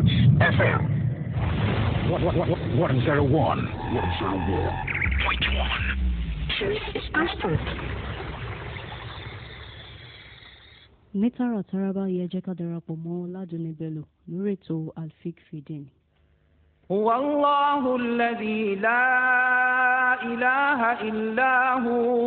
Touch FM. What, what, what, what 101. 101.1. Truth is gospel. ní tààrà tààrà báyìí ẹ jẹ́ ká darapọ̀ mọ́ ládùúní bello lórí ètò alfik fìdín. wàláhùn lẹ́dí láìláha ìláhùn.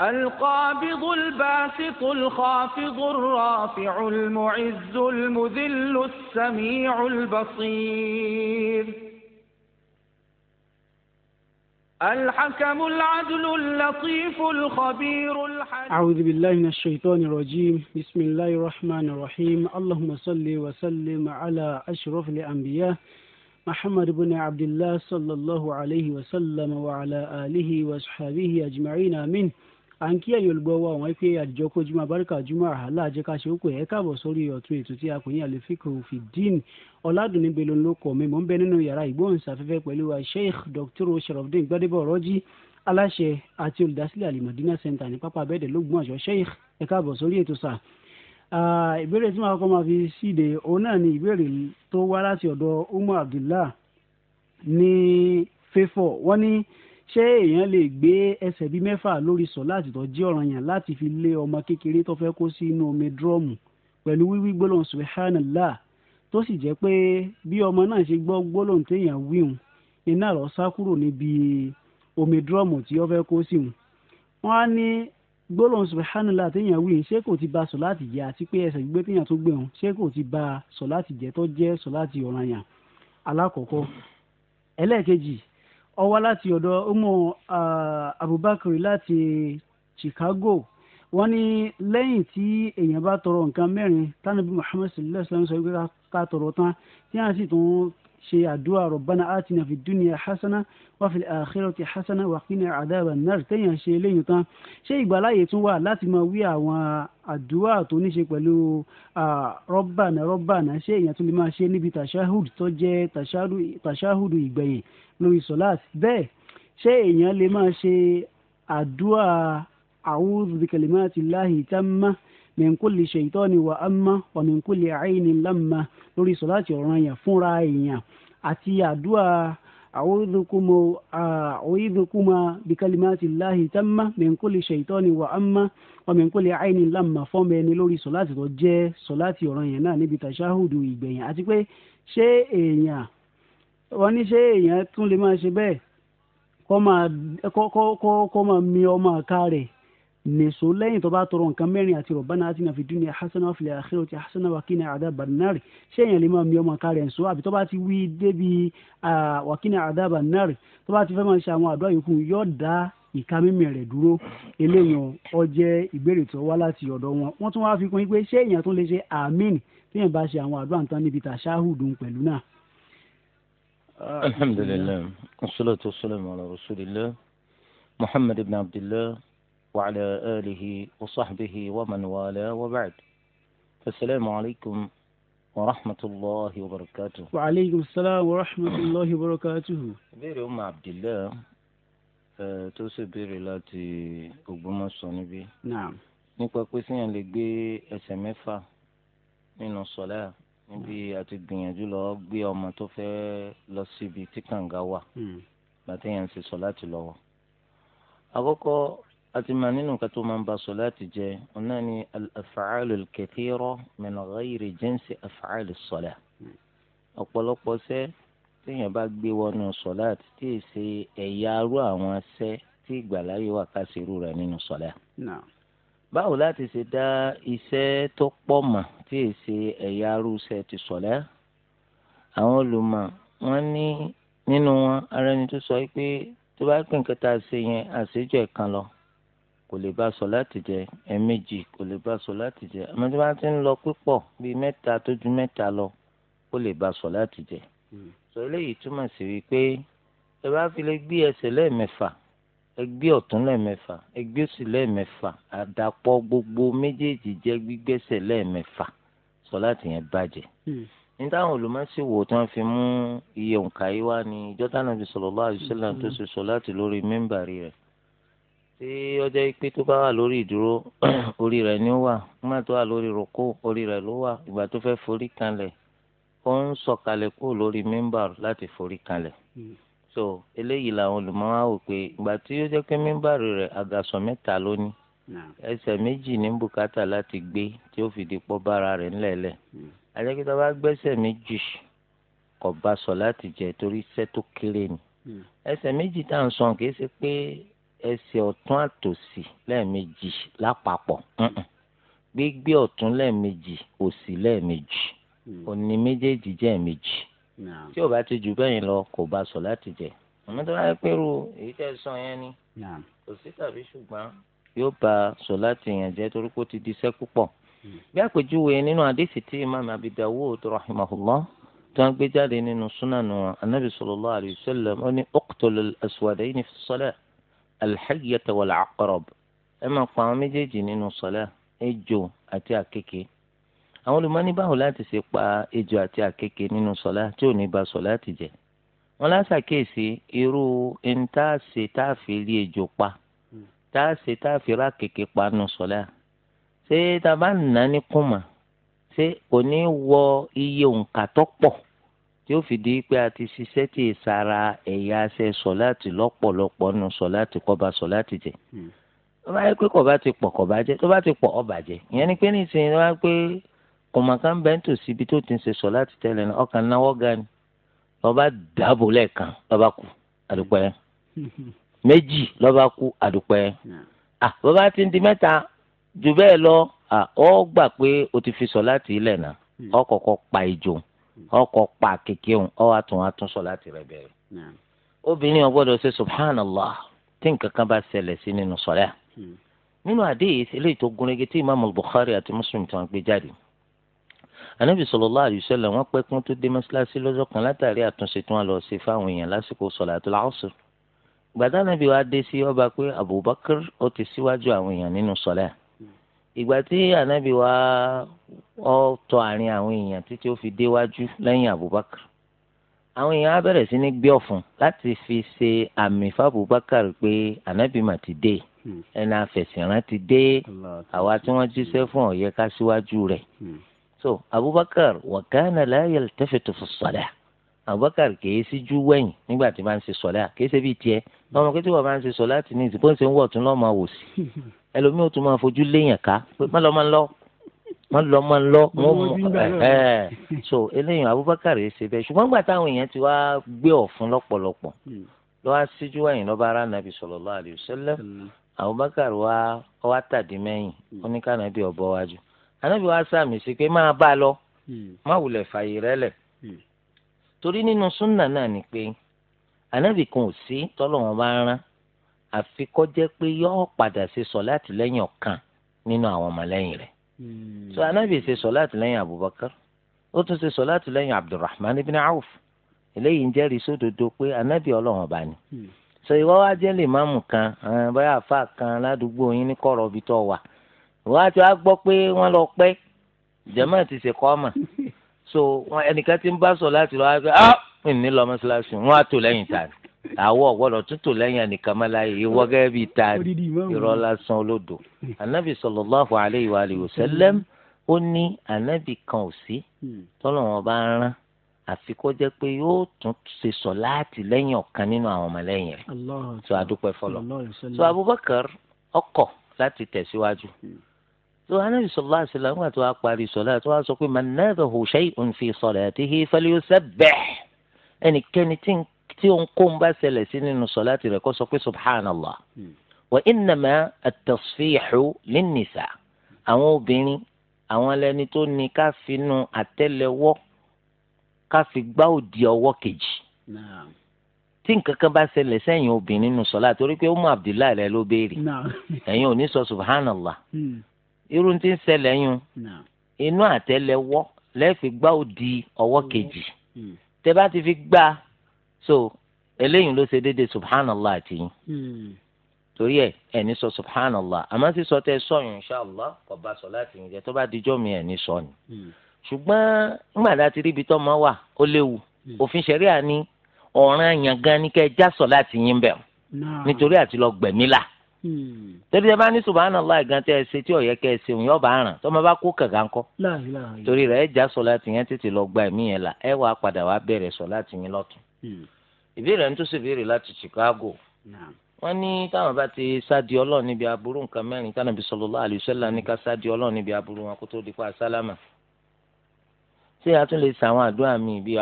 القابض الباسط الخافض الرافع المعز المذل السميع البصير الحكم العدل اللطيف الخبير الحليم أعوذ بالله من الشيطان الرجيم بسم الله الرحمن الرحيم اللهم صل وسلم على أشرف الأنبياء محمد بن عبد الله صلى الله عليه وسلم وعلى آله وصحبه أجمعين آمين à ń kí ẹ̀yin olùgbọ́ wa wọ́n pé àdìjọ́ kojú máa báríkà jùmọ̀ àhálà àjẹkáṣe ó pè é káàbọ̀ sórí ọ̀tún ètò tí a kò ní àlefíkò fìdín ọ̀làdùnní belon ló kọ̀ mi mò ń bẹ nínú yàrá ìgbóhùnsáfẹ́fẹ́ pẹ̀lú wa sheikh dr sharafdin gbadebo ọ̀rọ̀jì aláṣẹ àti olùdásílẹ̀ alimadina center ní pápá abẹ́ẹ̀dẹ̀ lógúnmọ̀ṣọ́ sheikh ẹ káàbọ̀ sórí ètò sáà ìbéèrè tí màá kọ́ máa fi síde òun náà ni ìbéèrè tó wá láti ọ̀dọ̀ umar abdullah ní fẹ́fọ̀ wọ́n ní ṣé èèyàn lè gbé ẹsẹ̀ bíi mẹ́fà lórí sọ láti tó jẹ́ ọ̀ranyàn láti fi lé ọmọ kékeré tó fẹ́ kó sínú omi dúrọ́ọ̀mù pẹ̀lú wíwí gbólóhùn subhanallah tó sì jẹ́ pé bí ọmọ náà ṣe gbọ́ gbólóhùn téèyàn wíhun iná rọ̀ sá kúrò níbi omi dúrọ́ọ̀mù tí ó fẹ́ kó síhun. wọ́n á ní gbólóhùn subhanallah téèyàn wíhun ṣé kò ti ba sọ láti jẹ́ àti pé ẹsẹ̀ gbígbé téèyàn tó gbéhùn ṣé kò ti ba sọ láti jẹ́ tó jẹ́ sọ láti ọ̀ranyàn ó wá láti ọ̀dọ̀ ọmọ Abubakar láti Chicago wọ́n ní lẹ́yìn tí èèyàn bá tọrọ nǹkan mẹ́rin tánàbí Muhammad sallallahu alaihi wasallam sọ pé ká tọrọ tán tí a sì tún ṣe àdúrà rabbana atina fid dunya hasana wa fil akhirati hasana wa qina adhaban nar téèyàn ṣe eléyìí tán ṣé ìgbàláyè tún wà láti máa wí àwọn àdúrà tó ní ṣe pẹ̀lú rabbana rabbana ṣé èèyàn tún lè máa ṣe níbi tashahud tó jẹ́ tashahud ìgbẹ̀yìn lórí sọ́láàt bẹ́ẹ̀ ṣé èèyàn lè máa ṣe àdúrà a'udhu bi kalimatillahi tamma min kulli shaytani wa amma wa min kulli aynin lamma lórí sọ̀láàtì ọ̀ranyàn fúnra èèyàn àti àdúrà àwòyídùkúmọ̀ bíkálímàtì láhi tamma min kulli shaytani wa amma wa min kulli aynin lamma fọ́ọ̀mù ẹni lórí sọ̀láàtì tó jẹ́ sọ̀láàtì ọ̀ranyàn náà níbi tàṣáhùdù ìgbẹ̀yìn àti pé ṣé èèyàn wọ́n ní ṣé èèyàn tún lè máa ṣe bẹ́ẹ̀ kó máa mi ọmọ àká rẹ̀ nìṣó lẹ́yìn tó bá tọrọ nǹkan mẹ́rin àti rọ̀bánà àti nàfi dúnìá hasana wa fil akhirati hasana wàkínà àdàbà nárì ṣéyìn lè máa mi ọmọ kárẹ̀ ǹṣó àbí tó bá ti wí débi wàkínà àdàbà nárì tó bá ti fẹ́ máa ṣe àwọn àdúrà yòókù yóò dá ìka mímì rẹ̀ dúró eléyàn ó jẹ́ ìbéèrè tó wá láti ọ̀dọ̀ wọn wọ́n tún wáá fi kún pé ṣé èèyàn tún lè ṣe àmín téèyàn bá ṣe àwọn àdúrà tán muhammad ibn abdillah. وعلى آله وصحبه ومن والاه وبعد السلام عليكم ورحمة الله وبركاته وعليكم السلام ورحمة الله وبركاته ìbéèrè ọmọ abdullahi tó ṣe béèrè láti Ògbómọ̀ṣọ́ níbí nípa pé síyàn lè gbé ẹsẹ̀ mẹ́fà nínú sọlá níbi àti gbìyànjú lọ gbé ọmọ tó fẹ́ lọ síbi tí kànga wà hmm. bàtẹ́yàn ń ṣe sọlá ti lọ́wọ́ àkọ́kọ́ àti màá nínú nǹkan tó máa ń ba sọláàtì jẹ́ òun náà ni al-af'alu al-kathira min ghayri jinsi af'ali as-salah ọ̀pọ̀lọpọ̀ sẹ́ téèyàn bá gbé wọnú sọláàtì tí ì ṣe ẹ̀yà arú àwọn sẹ́ tí ìgbàláyé wà ká ṣe irú rẹ̀ nínú sọláàtì. báwo láti ṣe dá iṣẹ́ tó pọ̀ mọ́ tí ì ṣe ẹ̀yà arú ti sọláàtì àwọn olùmọ̀ wọ́n ní nínú wọn ara ẹni tó sọ pé tó bá pín nǹkan tá a ṣe yẹn àṣejù ẹ̀ kan lọ kò lè bá sọ láti jẹ ẹ̀ẹ̀mejì kò lè bá sọ láti jẹ àmọ́ tí wọ́n ti ń lọ pípọ̀ bíi mẹ́ta tó ju mẹ́ta lọ kó lè bá sọ láti jẹ. Hmm. sọ eléyìí túmọ̀ sí wípé ẹ bá fi lè gbé ẹsẹ̀ lẹ́ẹ̀mẹ́fà ẹ gbé ọ̀tún lẹ́ẹ̀mẹ́fà ẹ gbé òsì lẹ́ẹ̀mẹ́fà àdàpọ̀ gbogbo méjèèjì jẹ́ gbígbẹ́sẹ̀ lẹ́ẹ̀mẹ́fà sọ láti yẹn bàjẹ́. Hmm. ní táwọn olùmọ̀síwò tí wọ́n fi mú iye òǹkà yìí wá ní ìjọ́tà náà fi sallallahu alaihi wasallam tó ṣe sọ láti lórí mímbàrí rẹ̀ tí ọjọ́ pé tó bá wà lórí ìdúró orí rẹ̀ ni ó wà nígbà tó wà lórí ròkó orí rẹ̀ ló wà ìgbà tó fẹ́ forí kanlẹ̀ ó ń sọ̀kalẹ̀ kó lórí mímbà láti forí kanlẹ̀ hmm. so eléyìí làwọn olùmọ̀wá wò pé ìgbà tí ó jẹ́ pé mímbà rẹ̀ àgàsọ̀ mẹ́ta lónìí ní ẹsẹ̀ méjì ní bùkátà láti gbé tí ó fìdí pọ́ bára rẹ̀ ńlẹ̀lẹ̀ hmm. ajẹ́kítà bá gbẹ́sẹ̀ méjì kò bá sọ láti jẹ́ torí iṣẹ́ tó kéré ni hmm. ẹsẹ̀ méjì tá à ń sọ kì í ṣe pé ẹsẹ̀ ọ̀tún àtòsì lẹ́ẹ̀mejì lápapọ̀ gbígbé ọ̀tún lẹ́ẹ̀mejì òsì lẹ́ẹ̀mejì hmm. òní méjèèjì jẹ́ ẹ̀mejì tí ò bá ti jù bẹ́yìn lọ kò bá sọ láti jẹ àmọ́ tó bá yẹ pé irú èyí tẹ́ sọ yẹn ni kò sí tàbí ṣùgbọ́n yóò bá sọ láti yẹn jẹ́ torí kó ti di iṣẹ́ púpọ̀ hmm. bí àpèjúwe nínú àdéhìí tí imam abi dawud rahimahullah tó ń gbé jáde nínú súnà nù anabi sallallahu alayhi wa sallam ó ní uqtulul aswadayni fi salat alḥayyata wal aqrab ẹ máa pa àwọn méjèèjì nínú sọlá ejò àti àkekè àwọn olùmọ́ni báwo láti ṣe pa ejò àti àkekè nínú sọlá tí ò ní ba sọlá ti jẹ́ wọn lásàkíyèsí irú ntaase táàfin rí ejò pa táàṣe táàfin rà kéke pa nínú sọlá ṣé tá a bá nà ní kùmà ṣé kò ní wọ iye òǹkà tó pọ̀ yóò fi di pé a ti ṣiṣẹ́ tí ìsara ẹ̀yà ṣe sọ̀láàtì lọ́pọ̀lọpọ̀ nù sọ̀láàtì kọba sọ̀láàtì jẹ́ hmm. tó bá yẹ pé kọba ti pọ̀ kọba jẹ́ tó bá ti pọ̀ ọba jẹ ìyẹn ni pé nísìnyí wá pé kọ̀mọ̀kan bẹ́ẹ̀ ń síbi tó ti ń ṣe sọ̀láàtì tẹ́lẹ̀ náà ọkàn náwó ga ni lọ́ba dàbò lẹ́ẹ̀kan lọ́ba kú àdúpẹ́ méjì lọ́ba kú àdúpẹ́ ti di mẹ́ta jù bẹ́ẹ̀ lọ ọ gbà pé o ti fi sọ̀láàtì ilẹ̀ náà ọkọ̀ọ̀kọ̀ hmm. pa ọkọ̀ pa kékeré òun ọ̀ àtún àtún sọ láti rẹ̀ bẹ̀rẹ̀. obìnrin ò gbọ́dọ̀ ṣe subhanallah tí nǹkan kan bá ṣẹlẹ̀ sí nínú sọ̀rẹ́ à. Hmm. nínú àdéhìí eléyìí tó gúnrégé tí imaamu Bukhari àti Muslim tí wọ́n gbé jáde. anabi sallallahu alaihi wasallam wọ́n pẹ́ kún tó dé mọ́ṣáláṣí lọ́jọ́ kan látàrí àtúnṣe tí wọ́n lọ ṣe fáwọn èèyàn lásìkò salatul asr gbàdánàbí wa dé sí ọba pé Abubakar ó ti síwájú àwọn èèyàn nínú sọ̀rẹ́ ìgbà tí ànábì wa ọ tọ àárín àwọn èèyàn títí ó fi déwájú lẹ́yìn Abubakar àwọn èèyàn á bẹ̀rẹ̀ sí ní gbé ọ̀fun láti fi ṣe àmì fábùbákàr pé ànábì mà ti dé hmm. ẹnà àfẹ̀sìnrán ti dé àwa tí wọ́n jíṣẹ́ hmm. fún ọ̀yẹ́ ká síwájú rẹ̀ hmm. so Abubakar wa kana la yaltafitu fi ssalah abubakar kìí síjú wẹ̀yìn nígbà tí bá ń ṣe sọ̀lá kìí ṣe bíi tiẹ̀ lọ́mọ kí tí wọ́n bá ń ṣe sọ̀lá tì ní ìsìnkú ṣe ń wọ̀ tún lọ́mọ wò sí ẹlòmíì ó tún máa fojú léèyàn ká má lọ má lọ má lọ má lọ wọn mú ẹ ẹ so eléyìí abubakar yìí ṣe bẹ́ẹ̀ ṣùgbọ́n gbà táwọn èèyàn ti wá gbé ọ̀fun lọ́pọ̀lọpọ̀ hmm. lọ́wọ́ síjú wẹ̀yìn lọ́ba ara nàbì sallallahu alaihi wa hmm. wá tàdí mẹ́yìn ó ní ká nàbì ọ̀bọ wájú anábì wa sàmì sí torí nínú súnà náà ni pé ànábì kan ò sí tọ́lọ́wọ́n bá rán àfi kó jẹ́ pé yóò padà ṣe sọ̀láàtì lẹ́yìn ọ̀kan nínú àwọn ọmọlẹ́yìn rẹ̀ so hmm. ànábì ṣe sọ̀láàtì lẹ́yìn Abubakar ó tún ṣe sọ̀láàtì lẹ́yìn Abdulrahman ibn Awf eléyìí ń jẹ́rìí sódodo pé ànábì ọlọ́wọ́n bá ní hmm. so ìwọ wá jẹ́ lè máàmù kan eh, báyà fà kan ládùúgbò yín ní kọ̀rọ̀ ibi tó wà ìwọ àti wá gbọ́ pé wọ́n lọ pẹ́ jẹ́mọ̀ ti ṣe kọ́ mà so ẹnìkan ti ń bá sọ láti lọ wáyé ah ní lọ mọ́ṣáláṣí wọn á tò lẹ́yìn ta ni àwọ̀ ọ̀gbọ́dọ̀ tún tò lẹ́yìn ẹnìkan máa láàyè ìwọ gẹ́gẹ́ bíi ta ni irọ́ lásán olódò anabi sallallahu alayhi wa alihi wa sallam ó ní anabi kan ò sí hmm. tọ́lọ̀ wọn bá ń rán àfi kó jẹ́ pé yóò tún ṣe sọ láti lẹ́yìn ọ̀kan nínú àwọn ọmọlẹ́yìn rẹ̀ tó a fọlọ́ tó Abubakar ọkọ̀ láti tẹ̀síwájú. Hmm tó anabi sọlá àṣìlá ńgbà tó a parí sọlá tó a sọ pé manada hùṣẹ́ ìhùnfi salatihi falyusabbih ẹnikẹ́ni tí ó ń kó ń bá ṣẹlẹ̀ sí nínú sọlá tirẹ̀ kó sọ pé subhanallah wa innama at-tasfihu àwọn obìnrin àwọn ẹlẹ́ni tó ní ká finú àtẹ́lẹwọ́ ká fi gbá òdì ọwọ́ kejì tí nǹkan kan bá ṣẹlẹ̀ sẹ́yìn obìnrin nù sọ́lá torí pé ó mú abdullahi rẹ ló béèrè ẹ̀yin ò ní sọ subhanallah hmm irú tí ń ṣẹlẹ̀ yun inú àtẹ́lẹwọ́ lẹ́ẹ̀fi gbá òdi ọwọ́ mm. kejì mm. tẹ́ bá ti fi gbá so eléyìí ló ṣe déédéé subhanallah àti yín mm. torí ẹ ẹni sọ subhanallah àmọ́ sì sọ tẹ sọ yun inshallah sọ láti yín jẹ tó bá dijọ́ mi ẹni sọ ni ṣùgbọ́n ńgbàdá ti ríbi tó máa wà ó léwu òfin ṣẹ̀ríà ni ọ̀ràn yàngán ni kẹ́ ẹ já sọ láti yín bẹ̀ nítorí àti lọ gbẹ̀mí là. tẹbi ẹ bá ní subhanallah gan tẹ ẹ ṣe tí ọyẹ kẹ ẹ ṣeun yọba àràn tọmọ bá kó kànga ńkọ torí rẹ ẹ já sọláàtì yẹn tètè lọ gba ẹmí yẹn la, ẹ wàá padà yẹn hmm. ìbéèrè ń tún láti Chicago wọn ní táwọn bá ti sádi níbi aburú nǹkan ní ká níbi aburú wọn kó tó di pa a tún lè àdúrà mi bíi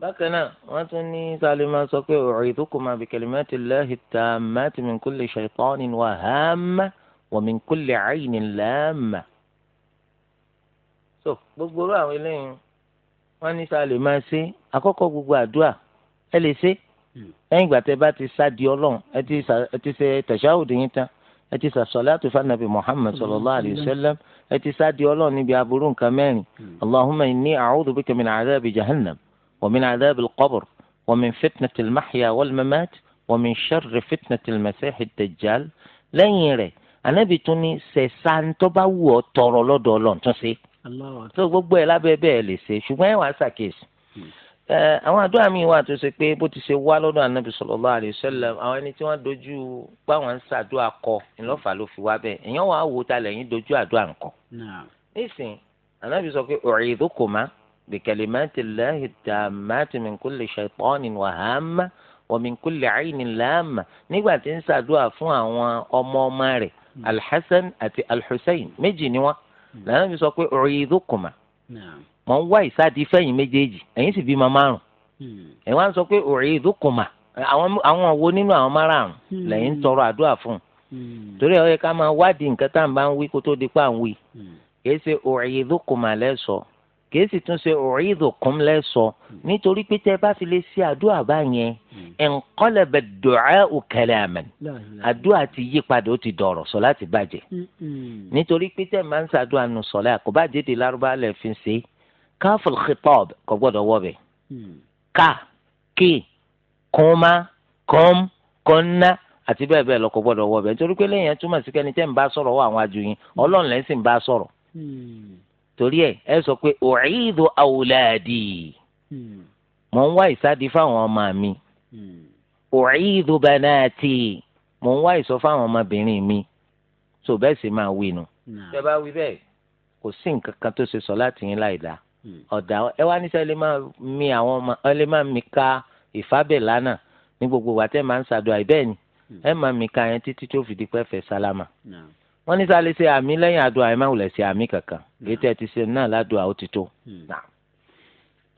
bákan náà wọ́n tún ní sálímà sọ pé u'idhukuma bi kalimatillahi tammati min kulli shaytanin wa hamma wa min kulli aynin lamma. so gbogbo orú àwọn eléyìí wọ́n ní sálímà ṣe àkọ́kọ́ gbogbo àdúrà ẹ lè ṣe hmm. lẹ́yìn ìgbà tẹ́ bá ti sádi ọlọ́run ẹ ti ṣe tẹ̀síáwòdì yín tán ẹ ti sàṣọlátù fanabi muhammed sallallahu alayhi wa ẹ ti sádi ọlọ́run níbi aburú nǹkan mẹ́rin hmm. allahumma inni a'udhu bika min jahannam ومن عذاب القبر ومن فتنة المحيا والممات ومن شر فتنة المسيح الدجال lẹ́yìn rẹ̀ anábì tún ní sẹ̀sán tó bá wù ọ́ tọrọ lọ́dọ̀ ọlọ́run tún ṣe. tó gbogbo ẹ̀ lábẹ́ bẹ́ẹ̀ lè ṣe ṣùgbọ́n ẹ̀ wá ṣàkíyèsí. Hmm. àwọn àdúrà mi wà tó ṣe pé bó ti ṣe wá lọ́dọ̀ anábì sallallahu alaihi wasallam àwọn ẹni tí wọ́n dojú páwọn ń ṣàdúrà kọ ńlọ́fà ló fi wá bẹ́ẹ̀ èèyàn wà á wò ta lẹ́yìn dojú àdúrà ńkọ. nísìnyí anábì sọ pé ọ̀rẹ́ ìdókòmá بكلمات الله التامات من كل شيطان وهامة ومن كل عين لامة nígbà tí ń ṣàdúrà fún àwọn ọmọ ọmọ rẹ̀ alḥasan àti alḥusain méjì ni wọ́n lànà mi sọ pé u'idhukuma mọ ń wá ìsáàdì fẹ̀yìn méjèèjì ẹ̀yin sì bímọ márùn ẹ wá ń sọ pé u'idhukuma àwọn wo nínú àwọn márùn lẹ́yìn tọrọ àdúrà fún torí ó yẹ ká máa wádìí nǹkan tá à ń bá ń wí kó tó di pa à ń wí kì í ṣe u'idhukuma lẹ́sọ̀ọ́ kìí sì tún ṣe ọ̀rìndò kún lẹ́sọ hmm. nítorí pé tẹ́ bá fi lè ṣe àdúrà báyẹn ẹ̀ńkọ́lẹ̀bẹ̀ dùrẹ́ òkèlè àmẹ́n àdúrà ti yí padà ó ti dọ̀rọ̀ sọ láti bàjẹ́ hmm, hmm. nítorí pé tẹ́ máa ń ṣàdúrà nù sọ̀lá kò bá dédé lárúbá lẹ̀ fi ṣe káfùl khitab kò gbọ́dọ̀ wọ̀ bẹ̀ ká kí kọ́má kọ́m kọ́nà àti bẹ́ẹ̀ bẹ́ẹ̀ lọ gbọ́dọ̀ wọ̀ bẹ̀ nítorí pé lẹ́yìn túmọ̀ sí kẹ́ni tẹ́ ń bá sọ̀rọ̀ wọ àwọn àjòyìn ọlọ́run lẹ́sìn bá sọ̀rọ̀ torí ẹ ẹ sọ pé u'idhu awladi hmm. mò ń wá ìsádi fáwọn ọmọ mi hmm. u'idhu banati mò ń wá ìsọ fáwọn ọmọbìnrin mi tó bẹ́ẹ̀ sì máa wí nu. ṣé bá wí bẹ́ẹ̀ kò sí nǹkan kan tó ṣe sọ láti yín láì hmm. ọ̀dà ẹ wá níṣẹ́ ẹ lè máa mi àwọn ọmọ ẹ lè máa mi ka ìfábẹ̀ lánàá ní gbogbo wàtẹ́ máa ń ṣàdùn àìbẹ́ẹ̀ ni ẹ máa mi ka yẹn títí tó fi di pẹ́ fẹ́ sálámà wọ́n ní sáà lè ṣe àmì lẹ́yìn àdúrà ẹ̀ má wùlẹ̀ ṣe àmì kankan létí ẹ ti ṣe náà ládùúrà ó ti tó. Hmm.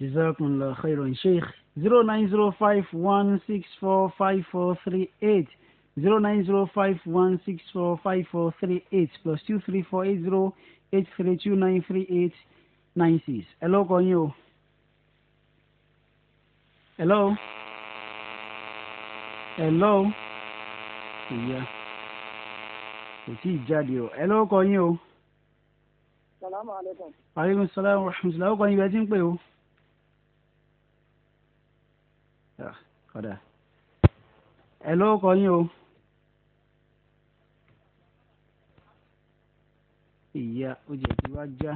jazakumullahu khairan sheikh zero nine zero five one six four five four three eight zero nine zero five one six four five four three eight plus two three four eight zero eight three two nine three eight nine six. hello lọ́kọ̀ o. hello. hello. Yeah kò tí ì jáde o ẹ lọ́wọ́ kọ yín o. salaamu aleykum. aleykum salaam wa rahmatulah ọkọ yín bẹ ti ń pè o. ẹ lọ́wọ́ kọ yín o. ìyá ó jẹ́ kí wá já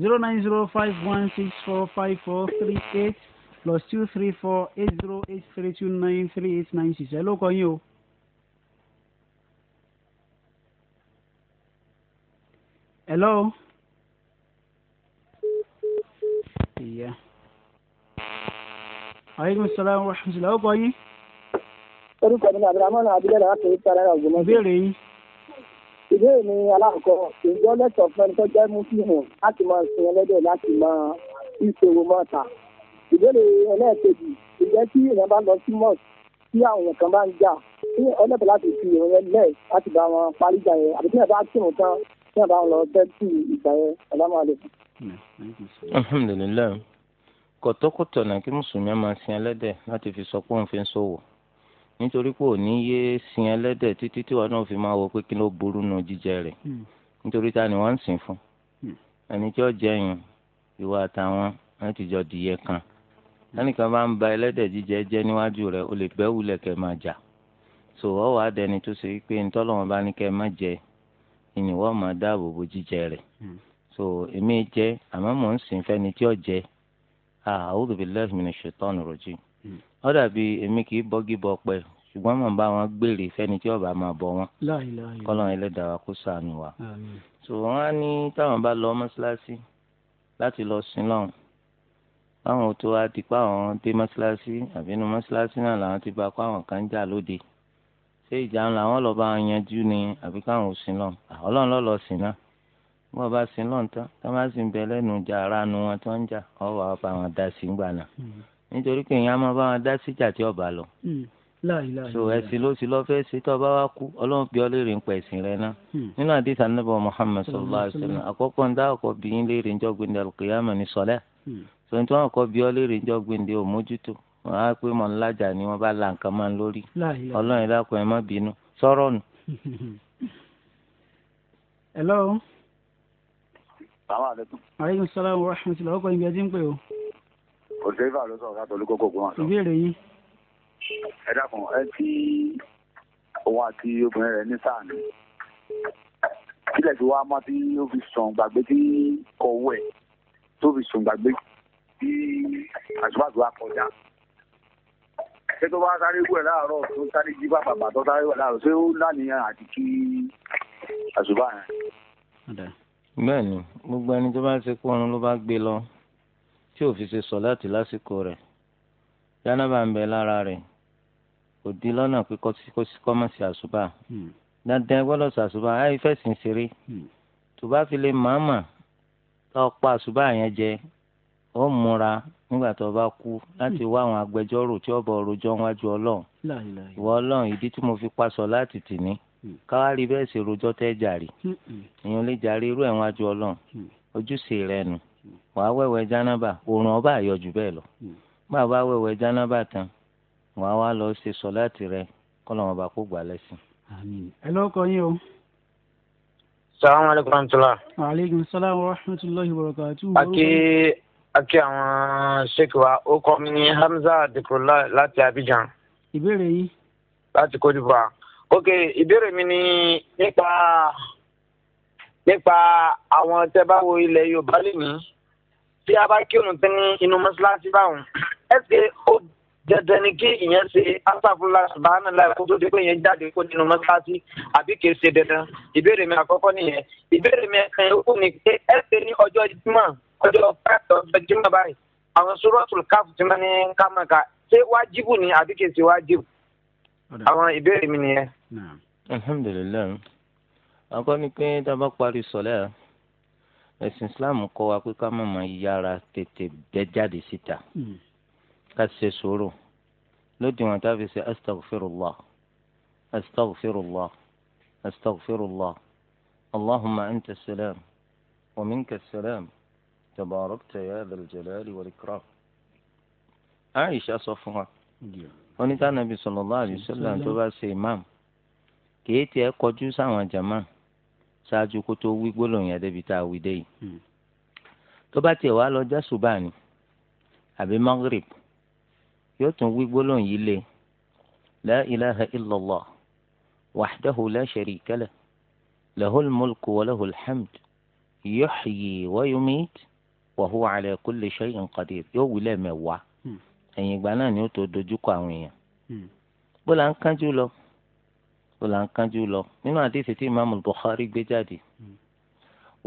zero nine zero five one six four five four three eight plus two three four eight zero eight three two nine three eight nine six ẹ ló kọ yín o. hello. ìyá aleykum salaam wa rahmatulah O kọ yín. orúkọ mi ni abdulhamid abdulayi láti ìtara ẹ̀rọ ògbómọ̀. ìbéèrè yín. ìbéèrè mi aláàkọ́ ìjọ lẹ́tọ̀ fún ẹni tó jẹ́ mùsùlùmù láti máa sin ẹlẹ́dẹ̀ láti máa ìṣòro máa ta. ìbéèrè ẹlẹ́ẹ̀kejì ìjẹ́ tí èèyàn bá lọ sí mọ́ọ̀sì tí àwọn kan bá ń jà ní ọlọ́pàá láti fi ìrìn rẹ lẹ̀ láti bá wọn parí jà yẹn àbí tí wọn bá kírun tán tí wọn bá ń lọ tẹ́tí ìgbà yẹn alámàlẹ́kùn. Hmm, alhamdulilayi kọ̀tọ́kọ̀tọ̀ náà kí mùsùlùmí máa sin ẹlẹ́dẹ̀ láti fi sọ pé òun fi ń ṣòwò nítorí pé òní yé sin ẹlẹ́dẹ̀ títí tí wọn náà fi máa wọ pé kí ló burú nu jíjẹ rẹ̀ hmm. nítorí ta ni wọ́n ń sìn fún hmm. ẹni tí ó jẹyìn ìwà àtàwọn wọn ti jọ dìyẹ kan lẹ́nìkan bá ń ba ẹlẹ́dẹ̀ jíjẹ jẹ́ níwájú rẹ̀ o lè bẹ́ wulẹ̀ kẹ́ máa jà so ọwọ́ adẹni tó ṣe pé ntọ́lọ́wọ́n bá ní kẹ́ máa jẹ ìyìnwọ́ máa dáàbò bo jíjẹ rẹ̀ hmm. so èmi jẹ àmọ́ mò ń sìn fẹ́ni tí ó jẹ ah, a'udhu billahi minash shaitani rajim hmm. ó dàbí èmi kì í bọ́gí bọ pẹ́ ṣùgbọ́n màá bá wọn gbèrè fẹ́ni tí ọba máa bọ wọn kọ́lọ́n ẹlẹ́dàá kó ṣàánú wa so wọ́n á ní táwọn bá lọ mọ́ṣáláṣí láti lọ sin lọ́hùn báwọn tó wá ti pa àwọn dé mọ́ṣáláṣí àbínú mọ́ṣáláṣí náà làwọn ti bá kó àwọn kan jà lóde. ṣé ìjànù làwọn lọ́ọ́ bá yanjú ni àbí káwọn ò lọ ọlọ́run lọ́ọ́ lọ sin náà bí bá sin lọ́ọ̀ tán tí wọ́n bá sì ń bẹ so ẹ̀sìn ló sì lọ fẹ́ ṣe tó bá wa kú ọlọ́run bí ọ léèrè ń pa ẹ̀sìn rẹ náà hmm. nínú àdìsá níbà Muhammad sallallahu alaihi wasallam hmm. àkọ́kọ́ ń dá ọkọ̀ wọn á pé mọ̀ ńlájà ni wọ́n bá la nǹkan máa ń lórí ọlọ́run ìlà kan ẹ̀ má bínú sọ̀rọ̀ nù. hello. salaamu aleykum. aleykum salaam wa rahmatulah ọkọ ibi ẹtí ń pè o. òṣèlú àlọ́ sọ̀rọ̀ láti olúkókò gbọ́n àtọ. ìbéèrè yìí. ẹ dákun ẹ ti òun àti obìnrin rẹ ní sáà ni kílẹ̀ tí wàá mọ́ tí ó fi sùn gbàgbé tí kò wẹ̀ tó fi sùn gbàgbé tí àṣùbàṣù wa kọjá ṣé tó bá sáré wẹ̀ láàárọ̀ tó sáré jí bá bàbà tó sáré wẹ̀ láàárọ̀ ṣé ó lánìyàn àti kí àṣùbà yẹn. bẹ́ẹ̀ ni gbogbo ẹni tó bá ṣe kó ọrùn ló bá gbé lọ tí ò fi ṣe sọ láti lásìkò rẹ̀ jánábà ń bẹ lára rẹ̀ kò di lọ́nà pé kọ́ mọ̀ sí àṣùbà hmm. dandan gbọ́dọ̀ ṣàṣùbà ayé fẹ̀sìn ṣeré hmm. tó bá fi lè máàmà tó pa àṣùbà yẹn jẹ ọ múra nígbà tó bá kú láti hmm. wá àwọn agbẹjọ́rò tí ó bọ̀ rojọ́ wájú ọlọ́run ìwọ ọlọ́run ìdí tí mo fi paṣọ láti tì ní hmm. káwárí bẹ́ẹ̀ ṣe rojọ́ tẹ́ jàre èèyàn hmm. lè jàre irú ẹ̀ wájú ọlọ́run rẹ nù wàá wẹ̀wẹ̀ jánábà òòrùn ọba àyọ̀jù bẹ́ẹ̀ lọ bàbá wẹ̀wẹ̀ jánábà tán wàá wá lọ ṣe láti rẹ bá kó gbà lẹ́sìn. ẹ yín o. salaam wa akí àwọn ṣèkì wa ó kọ́ mi ní Hamza Dhikrullah láti Abidjan. ìbéèrè yìí. láti Côte d'Ivoire. ok ìbéèrè mi ni nípa nípa àwọn tẹ́ bá wo ilẹ̀ Yorùbá lèmi tí a bá kírun tán ní inú mọ́ṣáláṣí báwọn ẹsẹ̀ ó dandan ni kí ìyẹn ṣe asáfúnlá subahana láì kó tó di pé ìyẹn jáde kó nínú mọ́ṣáláṣí àbí kì ṣe dandan ìbéèrè mi àkọ́kọ́ nìyẹn ìbéèrè mi ẹ̀sìn ó kù ní pé ẹsẹ̀ ní ọjọ́ Jímọ̀ ọjọ́ friday ọjọ́ jimá báyìí àwọn suratul káfù tí wọ́n ní ká ṣé wájibù ni àbí kì í ṣe wájibù àwọn ìbéèrè mi nìyẹn. alhamdulilayi akọ́ ni pé tá a bá parí sọ̀lẹ́ ẹ̀ ẹ̀sìn islam kọ́ wa pé ká má máa yára tètè bẹ́ jáde síta hmm. ká ṣe sùúrù lódiwọ̀n tá a fi ṣe astaghfirullah astaghfirullah astaghfirullah allahumma anta salam wa minka salam tabarakta ya dhal jalali wal ikram. Aisha sọ fún wa wọ́n ní tánàbí sallallahu alaihi wasallam tó bá ṣe imam kìí tiẹ̀ kọjú sáwọn jama ṣáájú kó tó wí gbólóhùn yẹn débi tá a wí dé yìí hmm. tó bá tiẹ̀ wá lọ jásùbà ni àbí maghrib yóò tún wí gbólóhùn yìí lé la ilaha illallah wahdahu la sharika lah lahul mulku wa lahul hamd yuhyi wa yumit wa huwa ala kulli shay'in qadir yóò wí lẹ́ẹ̀mẹ́wàá hmm. ẹ̀yìn ìgbà náà ni ó tó dojúkọ àwọn èèyàn. Hmm. bó la ń kánjú lọ bó la ń kánjú lọ nínú àdìsí tí imaamu bukhari gbé jáde hmm.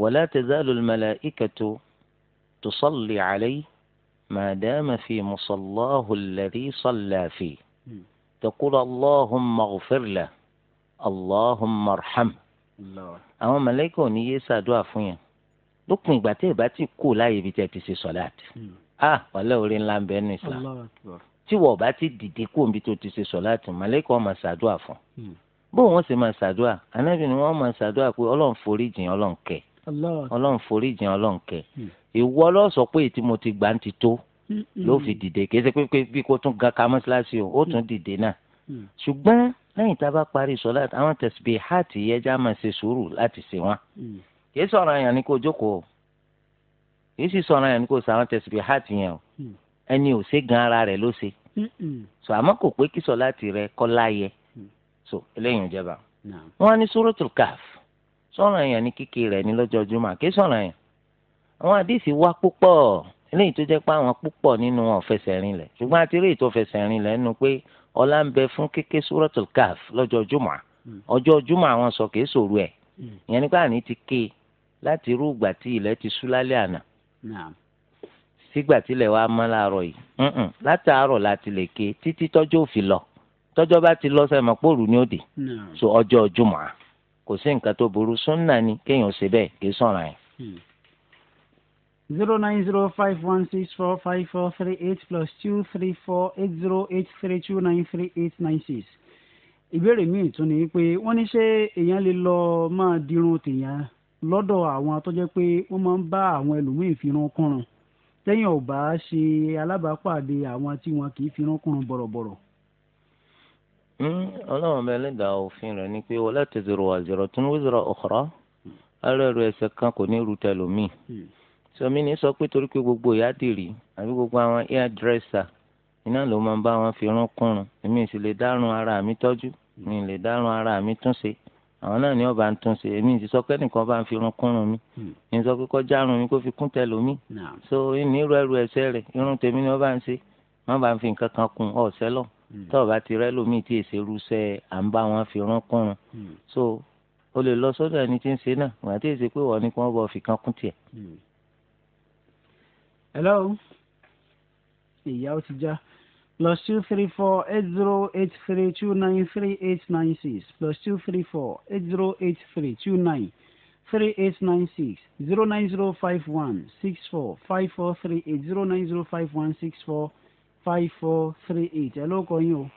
wala tazalu al-mala'ikatu tusalli alayhi ما دام في مصلاه الذي صلى فيه تقول اللهم اغفر له اللهم ارحمه àwọn mọ̀lẹ́kọ̀ ní yé ṣàdúrà fún yẹn lókun ìgbà tí ìbá ti kó láyé ibi tí ẹ ti ṣe sọláàtì hmm. ah wàlẹ́ orí ńlá ń bẹ ní islam tí wọ́n bá ti dìde kó ibi tó ti ṣe sọláàtì màlẹ́kọ̀ ọmọ ṣàdúà fún hmm. bó wọn ṣe máa ṣàdúà anábì ni wọ́n máa ṣàdúà pé ọlọ́run forí jìn ọlọ́run kẹ́ ọlọ́run forí jìn ọlọ́run kẹ́ hmm. ìwọ ọlọ́sọ pé ètí mo ti gbà ń ti tó ló fi dìde kì í ṣe pé bí kò tún ga mọ́ṣáláṣí o ó tún dìde náà ṣùgbọ́n lẹ́yìn tá a bá parí sọláàtì àwọn tẹ̀síbí háàtì yẹn máa ṣe sùúrù láti ṣe wọn kì í sọ̀rọ̀ àyàn ni kò jókòó kì í sì sọ̀rọ̀ àyàn ni kò sàwọn tẹ̀síbí hàtì yẹn o hmm. ẹni ò ṣe gan ara rẹ̀ ló ṣe so àmọ́ kò pé kí sọ láti rẹ kọ́ láyẹ hmm. so eléyìí ń jẹba wọn ní suratul Kahf sọ̀rọ̀ àyàn ni kíkì rẹ̀ ní lọ́jọ́ jùmọ̀ kì í sọ̀rọ̀ àyàn àwọn àdìsí wá púpọ̀ eléyìí tó jẹ́ pé àwọn púpọ̀ nínú wọn fẹsẹ̀ rin lẹ̀ ṣùgbọ́n àti eléyìí tó fẹsẹ̀ rin lẹ̀ nínú pé ọlá ń bẹ fún kíké suratul Kahf lọ́jọ́ jùmọ̀ hmm. ọjọ́ jùmọ̀ àwọn sọ kì í ẹ̀ ìyẹn nípa àní ti ké láti irú ìgbà tí ilẹ̀ ti ṣú lálẹ́ àná sígbà tílẹ̀ wá mọ́ láàárọ̀ yìí látàárọ̀ láti lè ké títí tọ́jọ́ òfin lọ tọ́jọ́ bá ti lọ sẹ́mọ̀ pòrú ní òde so ọjọ́ jùmọ̀ kò sí nǹkan tó burú súnà ni kéèyàn ṣe bẹ́ẹ̀ kì sọ̀ràn yẹn. Hmm. zero nine zero five one six four five four three eight plus two three four eight zero eight three two nine three eight nine six ìbéèrè míì tún ni pé wọ́n ní ṣé èèyàn lè lọ máa dirun tèèyàn lọ́dọ̀ àwọn tó jẹ́ pé wọ́n máa ń bá àwọn ẹlòmíín fìrun kùnrùn tẹ́yìn ọ̀bá ṣe alábàápàdé àwọn tí wọn kì í fìrun kùnrùn bọ̀rọ̀bọ̀rọ̀. Hmm, ọlọ́run bẹ lẹ́dà òfin rẹ̀ ni pé wala taziru waziratun wizra ukhra alẹ́rù ẹsẹ̀ kan kò ní ru tẹlomi. Hmm. sọmi ní sọ pé torí pé gbogbo ìyá dìrì àbí gbogbo àwọn hairdresser iná ló máa ń bá wọn fìrun kùnrùn èmi sì lè dárun ara mi tọ́jú mi lè dárun ara mi túnṣe àwọn náà ni ọba ń tún ṣe èmi ti sọ pé nìkan bá ń fi irun kúrun mi ní hmm. sọ pé kọjá irun mi kó fi kún tẹlómi so nírú ẹrù ẹsẹ rẹ irun tèmi ni ọba ń ṣe wọn bá ń fi nǹkan kan kún ọsẹ lọ hmm. tọba ti rẹ lómi tí èsè rúṣẹ à ń bá wọn fi irun kúrun hmm. so o lè lọ sọ́dọ̀ ẹni tí ń ṣe náà wọn àti èsè pé wọn ni kí wọn bọ fi kan kún tiẹ̀. hello ìyá ó ti já plus two three four eight zero eight three two nine three eight nine six plus two three four eight zero eight three two nine three eight nine six zero nine zero five one six four five four three eight zero nine zero five one six four five four three eight. hello ló kọ yín o.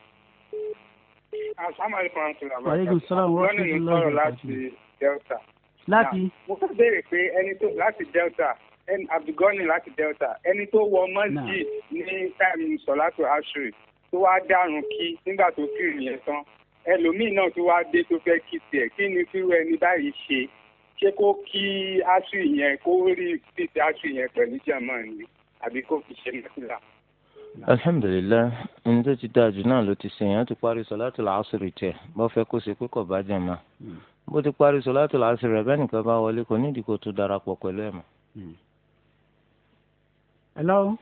asalaamualeykum asalaamualeykum. waaleykum salaam wa rahmatulahi wa barakatuh. láti delta. mo fẹ́ béèrè pé ẹni tó láti delta abdulgani láti delta ẹni tó wọ mọ́sí ní táìmù sọ̀látò ashri tó wá dárun kí nígbà tó kírun yẹn tán ẹlòmíì náà tó wá dé tó fẹ́ kí tiẹ̀ kí ni fírú ẹni báyìí ṣe ṣé kó kí ashri yẹn kó rí fífi ashri yẹn pẹ̀lú jẹ̀mọ́ ni àbí kó fi ṣe mẹ́tìlá alhamdulilayi ẹni tó ti dáa jù náà ló ti ṣe yẹn ti parí sọláàtì làásìrì tẹ bó fẹ́ kó ṣe pé kò bá jẹ mọ́ hmm. bó ti parí sọláàtì làásìrì rẹ bẹ́ẹ̀ nìkan bá wọlé kò nídìí kó tó darapọ̀ pẹ̀lú ẹ̀ mọ́ hmm hello.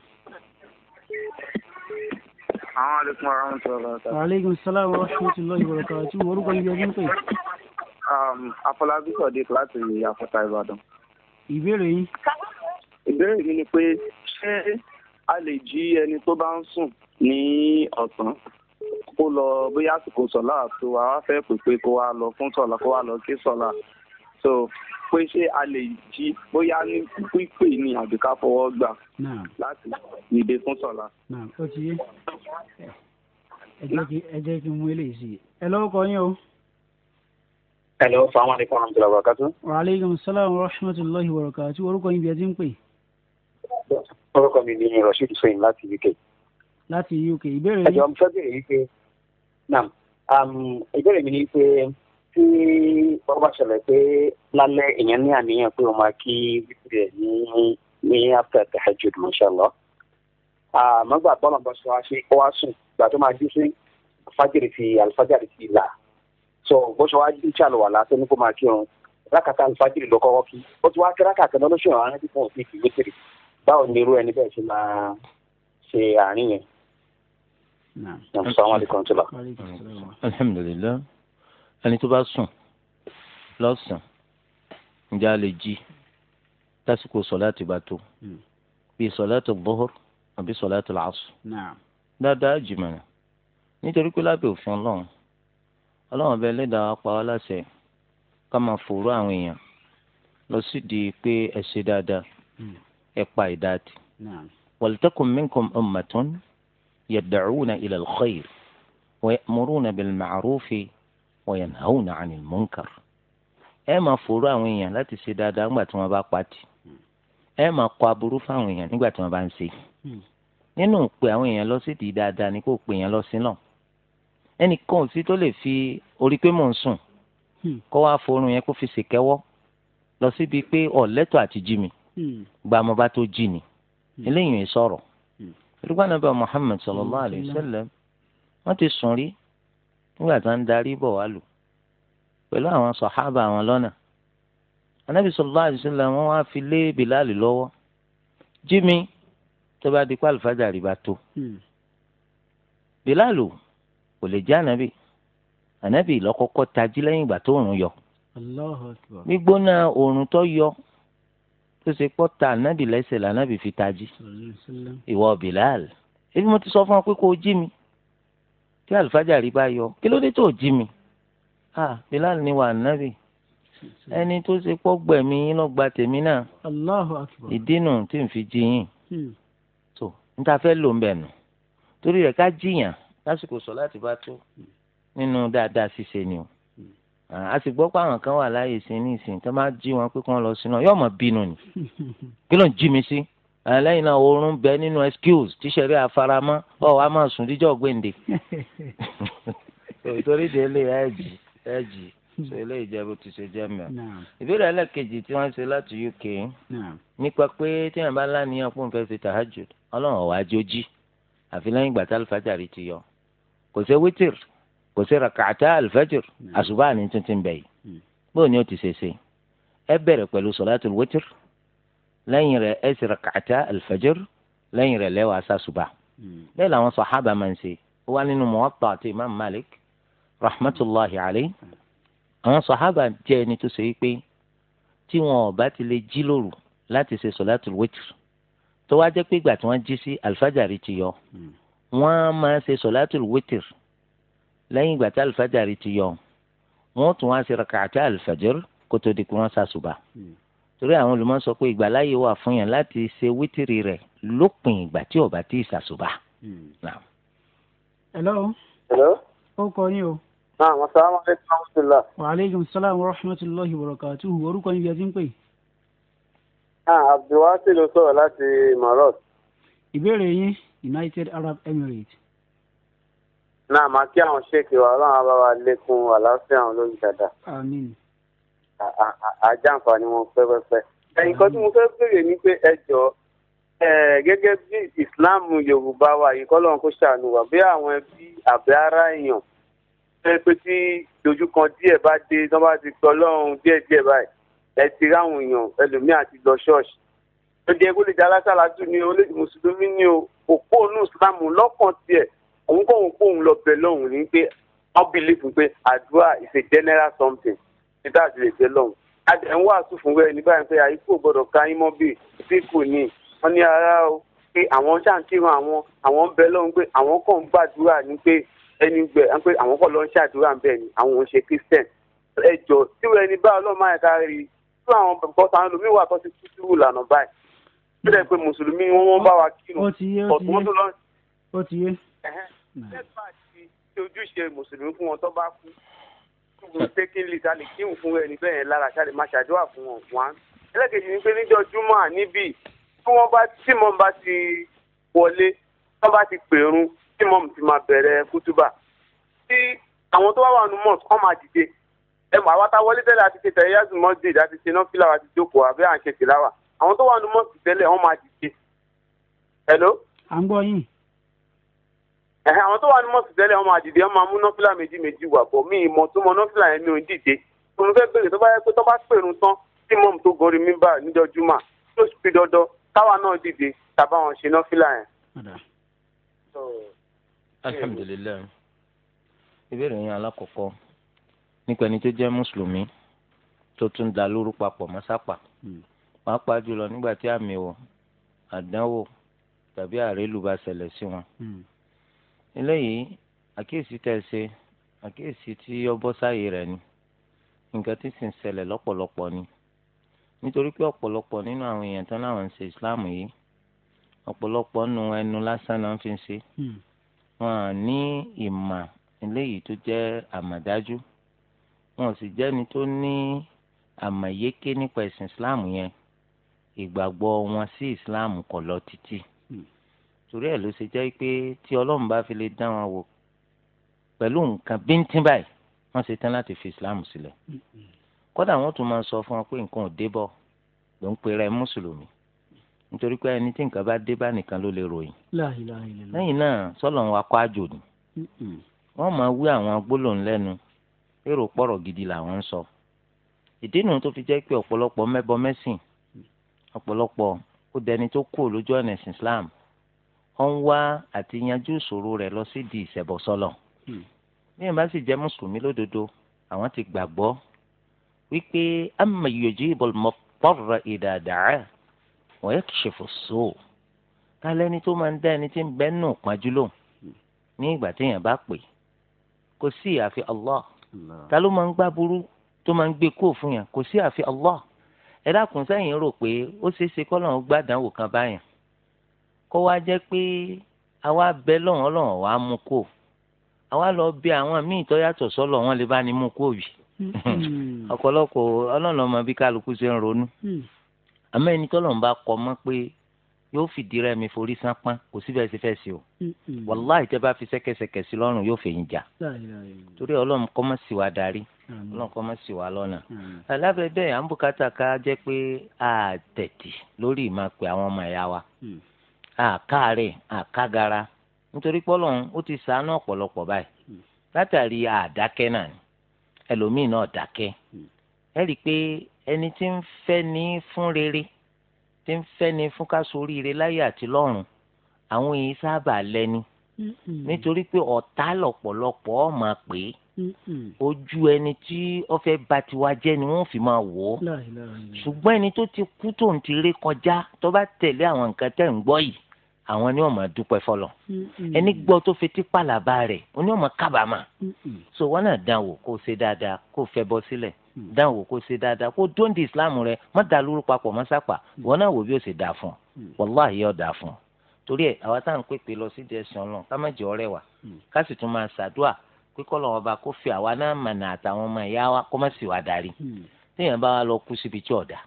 aleykum salaam wa rahmatulahi wa rahmatulahi wa barakatuh tí orúkọ yín ọdún pè. Um, afọlábí sọ̀dí láti àfọ̀tà ìbàdàn. ìbéèrè yín. ìbéèrè mi ni pé ṣé a lè jí ẹni tó bá ń sùn ní ọ̀sán kó lọ bóyá àsìkò sọ̀lá àti wa wá fẹ́ pèpè kó wa lọ fún sọ̀lá kó wa lọ kí sọ̀lá pé ṣé a lè jí bóyá ní pípé ni àbí ká fọwọ́ gbà láti dìde fún sọ̀la. ó ti yé ẹ jẹ́ kí n mú eléyìí sí i. ẹ lọ́wọ́ kọ yín o. ẹ̀lọ́ sàmúlò ní kọ́nà ìjọba wàkàtú. wa alaikum salaam wa rahmatullahi wa barakatuh orúkọ yín bí ẹ ti ń pè. orúkọ mi ni rasheed sọyìn láti uk. láti uk ìbéèrè yìí. ẹjọ mo fẹ́ bèrè yìí pé ìbéèrè mi ni pé tí wọ́n bá ṣẹlẹ̀ pé lálẹ́ ìyẹn ní àníyàn pé wọ́n máa kí wípé rẹ̀ ní ní after tahajjud mashallah àmọ́ gbà bọ́ọ̀lù bá sọ wá sí ó wá sùn gbà tó máa jí sí fájìrì ti àlùfájàrì ti là so bó ṣe wá jí tí àlùwàlá tó ní kó máa kí òun rákàtà àlùfájìrì ló kọ́kọ́ kí ó ti wá kí rákàtà náà lóṣù àwọn aráàlú fún òfin ìwétìrì báwo ni irú ẹni bẹ́ẹ̀ ṣe máa ẹni tó bá sùn lọ́sàn-án ǹjẹ́ a lè jí tásìkò sọ̀láàtì bá tó hmm. bíi sọ̀láàtì bọ́hùr àbí sọ̀láàtì làásù. dáadáa jìmọ̀nà nítorí pé lábẹ́ òfin ọlọ́run ọlọ́run ọbẹ̀ ẹlẹ́dàá pa wá láṣẹ ká máa fòró àwọn èèyàn lọ sí di pé ẹ ṣe dáadáa hmm. ẹ pa ìdá tì. wàlítẹ́kùn minkum ummatun yad'una ila al-khayr wa ya'muruna bil-ma'rufi. وينهون عن المنكر ẹ máa fòrò àwọn èèyàn láti ṣe dáadáa nígbà tí wọ́n bá pati ẹ máa kọ aburú fáwọn èèyàn nígbà tí wọ́n bá ń ṣe nínú pé àwọn èèyàn lọ sí di dáadáa ni kò pè yẹn lọ sí náà ẹnìkan ò sí tó lè fi orí pé mò ń sùn kó wá forun yẹn kó fi ṣèkẹ́wọ́ lọ síbi pé ọ̀lẹ́tọ̀ àti jí mi gba mo bá tó jí ni eléyìí sọ̀rọ̀ ìdúgbò ànábì Muhammad sallallahu alayhi wa sallam wọ́n ti sùn rí nígbà tá ń darí bọ̀ wá lù pẹ̀lú àwọn sọ̀hábà àwọn lọ́nà anábì sallallahu alaihi wasallam wọ́n wá fi lé bìláàlì lọ́wọ́ jí mi tó bá di pàlùfájà rí bá tó hmm. bìláàlù kò lè jẹ́ ànábì ànábì lọ́kọ́kọ́ tají lẹ́yìn ìgbà tó òrùn yọ gbígbóná òrùn tó yọ tó ṣe pọ́ ta ànábì lẹ́sẹ̀ lànábì fi tají ìwọ bìláàlì ebi mo ti sọ fún ọ pé kó o tí àlùfájàrí bá yọ kí ló dé tó jí mi ah bilal ni wà nábì ẹni tó ṣe pọ́ gbẹ̀mí yín lọ́ gba tèmi náà ìdínú tí n fi jí yín tó hmm. n ta fẹ́ lò ń bẹ̀ nù torí rẹ̀ ká jiyàn lásìkò sọ láti bá tó nínú dáadáa ṣíṣe ni o a sì gbọ́ pé àwọn kan wà láàyè sí ní ìsìn tó máa jí wọn pé kí wọ́n lọ sínú yóò mọ̀ bínú ni kí ló ń jí mi sí lẹ́yìn náà oorun bẹ nínú excuse tíṣẹ̀rí àfaramọ́ ọ̀ wá máa sùn díjọ́ gbèǹde torí délé ẹ̀ jì ẹ̀ jì so eléyìí jẹ bó ti ṣe jẹ mẹ. ìbéèrè ẹlẹ́kejì tí wọ́n ṣe láti UK nípa pé téèyàn bá láníyàn fún ìfẹ́ ṣe tahajjud ọlọ́run ọ̀wá àjòjì àfi lẹ́yìn ìgbà tá alifájàrí ti yọ kò ṣe wítìr kò ṣe rakàtà alifájìr àṣùbà ní tuntun bẹ̀ hmm. bóun ni ó ti ṣe ṣe ẹ bẹ̀rẹ̀ pẹ̀lú sọ̀látùl wítìr lẹ́yìn rẹ̀ ẹ sì rakàtà alfajr lẹ́yìn rẹ̀ lẹ́wọ̀ asásùbà hmm. bẹ́ẹ̀ làwọn sàhábà máa ń ṣe ó wá nínú muwatta àti imam malik rahmatulahi alayhi àwọn sàhábà jẹ́ ẹni tó ṣe wípé tí wọn ò bá ti lè jí lóru láti ṣe solatul witr tó wá jẹ́ pé ìgbà tí wọ́n jí sí alfajari ti yọ hmm. wọ́n máa ṣe solatul witr lẹ́yìn ìgbà tí alfajari ti yọ wọ́n tún wá ṣe rakàtà alfajr kótó di kí wọ́n Mm torí àwọn olùmọ̀ sọ pé ìgbàláyè wà fún yàn láti ṣe wítìrì rẹ̀ lópin ìgbà tí ó ti ṣàṣùbà. Hmm. hello. hello. ó kọ yín o. àwọn sálámù aleykum rahmatulah. wa aleykum salaam wa rahmatulahi wa barakatuhu orúkọ yín bí ẹ ti ń pè. abdulwasi ló sọ̀rọ̀ láti maros. ìbéèrè yín united arab emirates. náà màá kí àwọn ṣèkì wa ọlọ́run á bá lékún àlàáfíà àwọn olóyìn dáadáa àjàǹfààní wọn pẹ́pẹ́pẹ́. nǹkan tí mo fẹ́ béèrè ni pé ẹ jọ gẹ́gẹ́ bí Islam Yorùbá wa yìí kọ́ lóun kó ṣàánú wa bí àwọn ẹbí àbí ará èèyàn fẹ́ pé tí dojúkan díẹ̀ bá dé tí wọ́n bá ti gbọ́ lọ́run díẹ̀díẹ̀ báyìí ẹ ti ráwọn èèyàn ẹlòmíà ti lọ ṣọ́ọ̀ṣì ó jẹ́ kó lè jẹ́ alásàlátù ni ó lè jẹ́ mùsùlùmí ni o òpó onú Islam lọ́kàn tiẹ̀ òun kọ́ òun kó òun lọ bẹ̀ lọ́hùn ní pé wọ́n bìlífù pé àdúrà is a general something títà àti lè tẹ́ lọ́hùn. a dẹ̀ ń wàásù fún wẹ́rẹ́ ní báyìí pé àyíkò gbọ́dọ̀ ká yín mọ́ bí tí kò ní wọ́n ní ara o pé àwọn ṣàǹkìrán àwọn àwọn bẹ lọ́hùn pé àwọn kàn ń gbàdúrà ní pé ẹni gbẹ pé àwọn kàn lọ ń ṣàdúrà ń bẹ̀ ni àwọn ò ń ṣe christian ẹ jọ tí wẹ́rẹ́ ní báyìí ọlọ́run máa ká rí fún àwọn bọ́tà àwọn lómi wà tó ti kú sí ìlànà báyìí bí lẹ́ pé mùsùlùmí wọ́n wọ́n bá wa kírun ọ̀tún wọn tó lọ. ó ti yé. ṣé bá ti ojúṣe mùsùlùmí fún wọn tó bá kú mistakenly ta lè kí nǹkan ẹni bẹ́ẹ̀ lára ṣáde máa ṣàdúrà fún wọn wá. ẹlẹ́kejì ni pé níjọ́ júmọ́ níbí tí wọ́n bá tí mọ́m bá ti wọlé tí wọ́n bá ti pèrún tí mọ́m ti máa bẹ̀rẹ̀ kútúbà tí àwọn tó wá wà nù mọ́ọ̀sì wọ́n máa dìde ẹ mọ̀ àwa tá wọlé tẹ́lẹ̀ àti ṣe tẹ̀yẹ́ yásùn mọ́sídìí àti ṣe náà fìlà àti jókòó àbẹ́ à ń ṣe tìláwà àwọn tó wà nù mọ́ọ̀sì tẹ́lẹ̀ wọ́n máa dìde. hello. à ń gbọ́ yín ẹ̀hẹ́ àwọn tó wà ní mọ́sùn tẹ́lẹ̀ ọmọ àdìdì ọmọ amú nọ́fìlà méjì méjì wà pọ̀ mí ìmọ̀ tó mọ nọ́fìlà yẹn mi ò dìde tó mo fẹ́ bèrè tó bá yẹ pé tó bá pèrún tán tí mọ́mù tó gorí mi bá níjọ júmọ̀ tó fi dọ́dọ́ táwa náà dìde tàbá wọn ṣe nọ́fìlà yẹn. alhamdulilayi ìbéèrè yẹn alákọ̀ọ́kọ́ nípa ẹni tó jẹ́ mùsùlùmí tó tún da lóru papọ̀ mọ́sápà hmm. pàápàá jùlọ eléyìí àkíyèsí tẹ̀ ṣe àkíyèsí tí ọbọ̀ sáyé rẹ̀ ni nǹkan tí sì ń ṣẹlẹ̀ lọ́pọ̀lọpọ̀ ni nítorí pé ọ̀pọ̀lọpọ̀ nínú àwọn èèyàn tán láwọn ń ṣe ìsìláàmù yìí ọ̀pọ̀lọpọ̀ nu ẹnu lásán náà fi ń ṣe hmm. wọn à ní ìmà eléyìí tó jẹ́ àmàdájú wọn ò sì jẹ́ni tó ní àmàyéké nípa ẹ̀sìn ìsìláàmù yẹn ìgbàgbọ́ wọn sí ìsìláàmù kò títí torí ẹ̀ ló ṣe jẹ́ pé tí ọlọ́run bá fi lè dá wọn wò pẹ̀lú nǹkan bíntín báyìí wọ́n ṣe tán láti fi islam sílẹ̀ kódà wọ́n tún máa sọ fún wọn pé nǹkan ò dé bọ̀ ló ń pera ẹ mùsùlùmí nítorí pé ẹni tí nǹkan bá dé bá nìkan ló lè ròyìn lẹ́yìn náà sọ́lọ̀ wa kọ́ àjò ni wọ́n máa wí àwọn gbólóhùn lẹ́nu èrò pọ̀rọ̀ gidi làwọn ń sọ ìdí nu tó fi jẹ́ pé ọ̀pọ̀lọpọ̀ mẹ́bọ mẹ́sìn ọ̀pọ̀lọpọ̀ ó dẹni tó kú lójú ọ̀nà ẹ̀sìn islam ó ń wá àti yanjú ìṣòro rẹ̀ lọ sí di ìṣẹ̀bọ̀sọ́lọ̀ hmm. bí ẹ̀ bá sì jẹ́ mùsùlùmí lódodo àwọn ti gbàgbọ́ wípé amma yujibul mudtarra idha da'ah wa yakshifu as-su' kálẹ́ni tó máa ń dá ẹni tí ń bẹ́ nù pọ́njú lóhùn ní ìgbà téèyàn bá pè kò sí àfi Allah ta ló máa ń gbá burú tó máa ń gbé kó fún yàn kò sí àfi Allah ẹ dákun sẹ́yìn rò pé ó ṣeé ṣe kọ́ lọ́n gbàdánwò kan báyàn kó wá jẹ́ pé àwa bẹ lọ́wọ́n lọ́wọ́n wàá mú kó àwa lọ bí àwọn míì tó yàtọ̀ sọ́lọ̀ wọn lè bá ní mú kó yìí hmm. ọ̀pọ̀lọpọ̀ ọlọ́run ọmọ bí kálukú ṣe ń ronú hmm. àmọ́ ẹni tọ́lọ̀ ń bá kọ mọ́ pé yóò fìdí rẹ̀ mi forí sápá kò síbẹ̀ sí fẹ́ sí o hmm. wàláì tẹ́ bá fi ṣẹ́kẹ́ṣẹkẹ̀ sí lọ́rùn yóò fẹ̀yìn jà torí ọlọ́run kọ́ mọ́ sí wa darí ọlọ́run kọ́ mọ́ sí wa lọ́nà alábẹ́ bẹ́ẹ̀ àǹbùkátà ká jẹ́ pé a tẹ̀tì lórí ìmọ̀ pé àwọn ọmọ ẹ̀yà wa àkàrè àkàgara nítorí pọ́lọ́run ó ti ṣàánú ọ̀pọ̀lọpọ̀ báyìí látàrí àdákẹ́ náà ni ẹlòmíì náà dákẹ́ ẹ rí i pé ẹni tí ń fẹ́ ní fún rere tí ń fẹ́ ní fún ká ṣoríire láyé àti lọ́run àwọn èyí sábà lẹ́ni nítorí pé ọ̀tá lọ̀pọ̀lọpọ̀ máa pè é ojú ẹni tí ó fẹ́ bà tiwa jẹ́ ni wọ́n fi máa wò ó ṣùgbọ́n ẹni tó ti kú tó ń ti ré kọjá tó bá tẹ̀lé àwọn nǹkan tẹ̀ ń gbọ́ yìí àwọn ni wọn máa dúpẹ́ fọlọ ẹni gbọ́ tó fetí pàlàbà rẹ̀ òní wọn máa kábàámà so wọn náà dán wò kó ṣe dáadáa kó fẹ́ bọ́ sílẹ̀ mm. dán wò kó ṣe dáadáa kó dóńdì islam rẹ̀ má da lóru papọ̀ má sápà mm. wọn náà wò bí ó ṣe dáa fún mm. wàláhì yóò dáa fún torí ẹ àwa táwọn pèpè lọ sí dẹsán lọ ká má jẹ ọ̀rẹ́ wa ká sì tún máa ṣàdúà pé lọ́wọ́ bá kó fi àwa náà mànà àtàwọn ọmọ ìyá wa kó má sì wá darí téèyàn bá wa lọ kú síbi tí ọ̀dà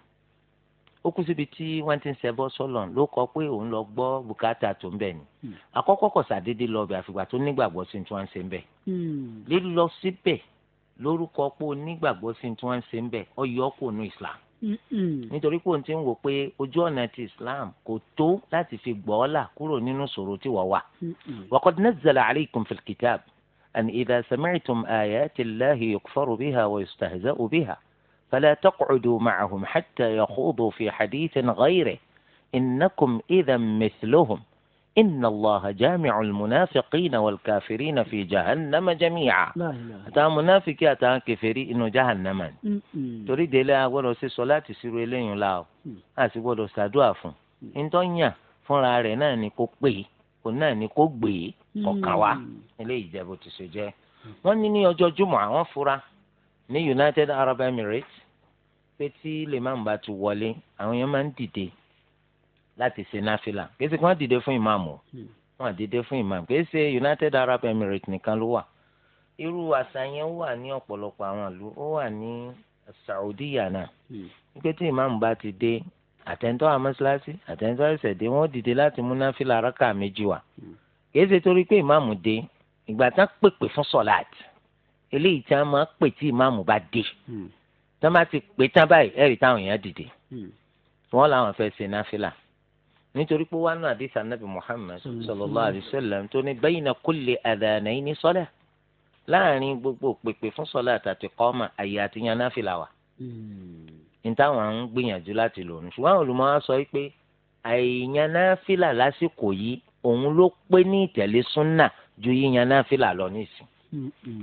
ó kú síbi tí wọ́n ti ń ṣẹbọ sọ́lọ̀ ló kọ pé òun lọ gbọ́ bùkátà tó ń bẹ̀ ni hmm. àkọ́kọ́ kọ̀ sàdédé lọ bẹ̀ àfìgbà tó nígbàgbọ́ sí tí wọ́n ń ṣe ń bẹ̀ hmm. lílọ síbẹ̀ lórúkọ pé onígbàgbọ́ sí tí wọ́n ń ṣe ń bẹ̀ ọ yọ kò nu Islam hmm. nítorí pé òun ti ń wò pé ojú ọ̀nà ti Islam kò tó láti fi gbọ́ ọ́ là kúrò nínú ṣòro tí wọ́n wà waqad nazzala alaykum fil kitab an idha sami'tum ayati Allahi yukfaru biha wa yustahza'u biha فلا تقعدوا معهم حتى يخوضوا في حديث غيره إنكم إذا مثلهم إن الله جامع المنافقين والكافرين في جهنم جميعا تا منافق يا تا كفري إنه جهنم تريد لا أول سي صلاة سيرو إليه لاو أسي بولو سادوا فون إنتو نيا فون راري ناني كوكبي وناني كوكبي كوكاوا إليه جابو تسجي wọ́n ní ní ọjọ́ jùmọ̀ àwọn fura ní United Arab Emirates pé tí lèmáàmù bá ti wọlé àwọn èèyàn máa ń dìde láti ṣe náfìlà kìí ṣe kí wọ́n dìde fún ìmáàmù hmm. wọ́n dìde fún ìmáàmù kìí United Arab Emirates nìkan ló wà irú àṣà yẹn wà ní ọ̀pọ̀lọpọ̀ àwọn ìlú ó wà ní Saudiya náà hmm. wípé tí ìmáàmù bá ti dé àtẹ̀ntọ́ àmọ́síláṣí àtẹ̀ntọ́ ẹ̀sẹ̀dé wọ́n dìde láti mú náfìlà arákà méjì wá hmm. kìí ṣe torí pé ìmáàmù dé ìgbà tán pèpè fún sọ̀láàtì eléyìí tí a máa pè tí ìmáàmù bá dé tọ́ bá ti pè tán báyìí ẹ̀rí táwọn èèyàn dìde hmm. wọ́n làwọn fẹ́ ṣe náfìlà nítorí pé wánú àdìsá nàbì Muhammad hmm. sallallahu alaihi wasallam tó ní bayna kulli adhanayni salah láàrin gbogbo pèpè fún sọlá àtàtì kọ́mà àyè àti yan náfìlà wà hmm. ní táwọn ń gbìyànjú láti lò ní ṣùgbọ́n olùmọ̀ á sọ pé àìyàn náfìlà lásìkò yìí òun ló pé ní ìtẹ̀lé súnà ju yíyan náfìlà lọ nísìn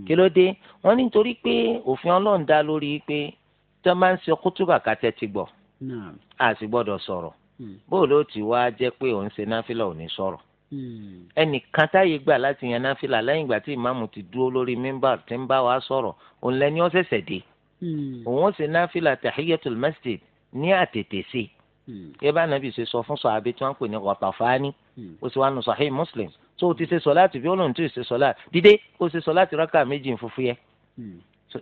kí ló dé wọ́n nítorí pé òfin Ọlọ́run dá lórí pé tó máa ń ṣe kútùbà kàtẹ́ ti gbọ́ a sì gbọ́dọ̀ sọ̀rọ̀ hmm. bóòlù ó ti wá jẹ́ pé òun ṣe náfìlà ò ní sọ̀rọ̀ hmm. ẹnìkan táyé gbà láti yan náfìlà lẹ́yìn ìgbà tí ìmáàmù ti dúró lórí mímbà tí ń bá wa sọ̀rọ̀ òun lẹ́ni ó ṣẹ̀ṣẹ̀ dé hmm. òun ó ṣe náfìlà tahiyatul masjid ní àtètè sí i yẹ bá nàbì ṣe sọ fún sọ̀hábí tí wọ́n ń pè ní Ghatafani ó sì wá nù Sahih Muslim tó o ti ṣe sọ̀láàtì bí olóhùn tó ṣe sọ̀láàtì dídé ó ṣe sọ̀láàtì rákà méjì fúfú yẹ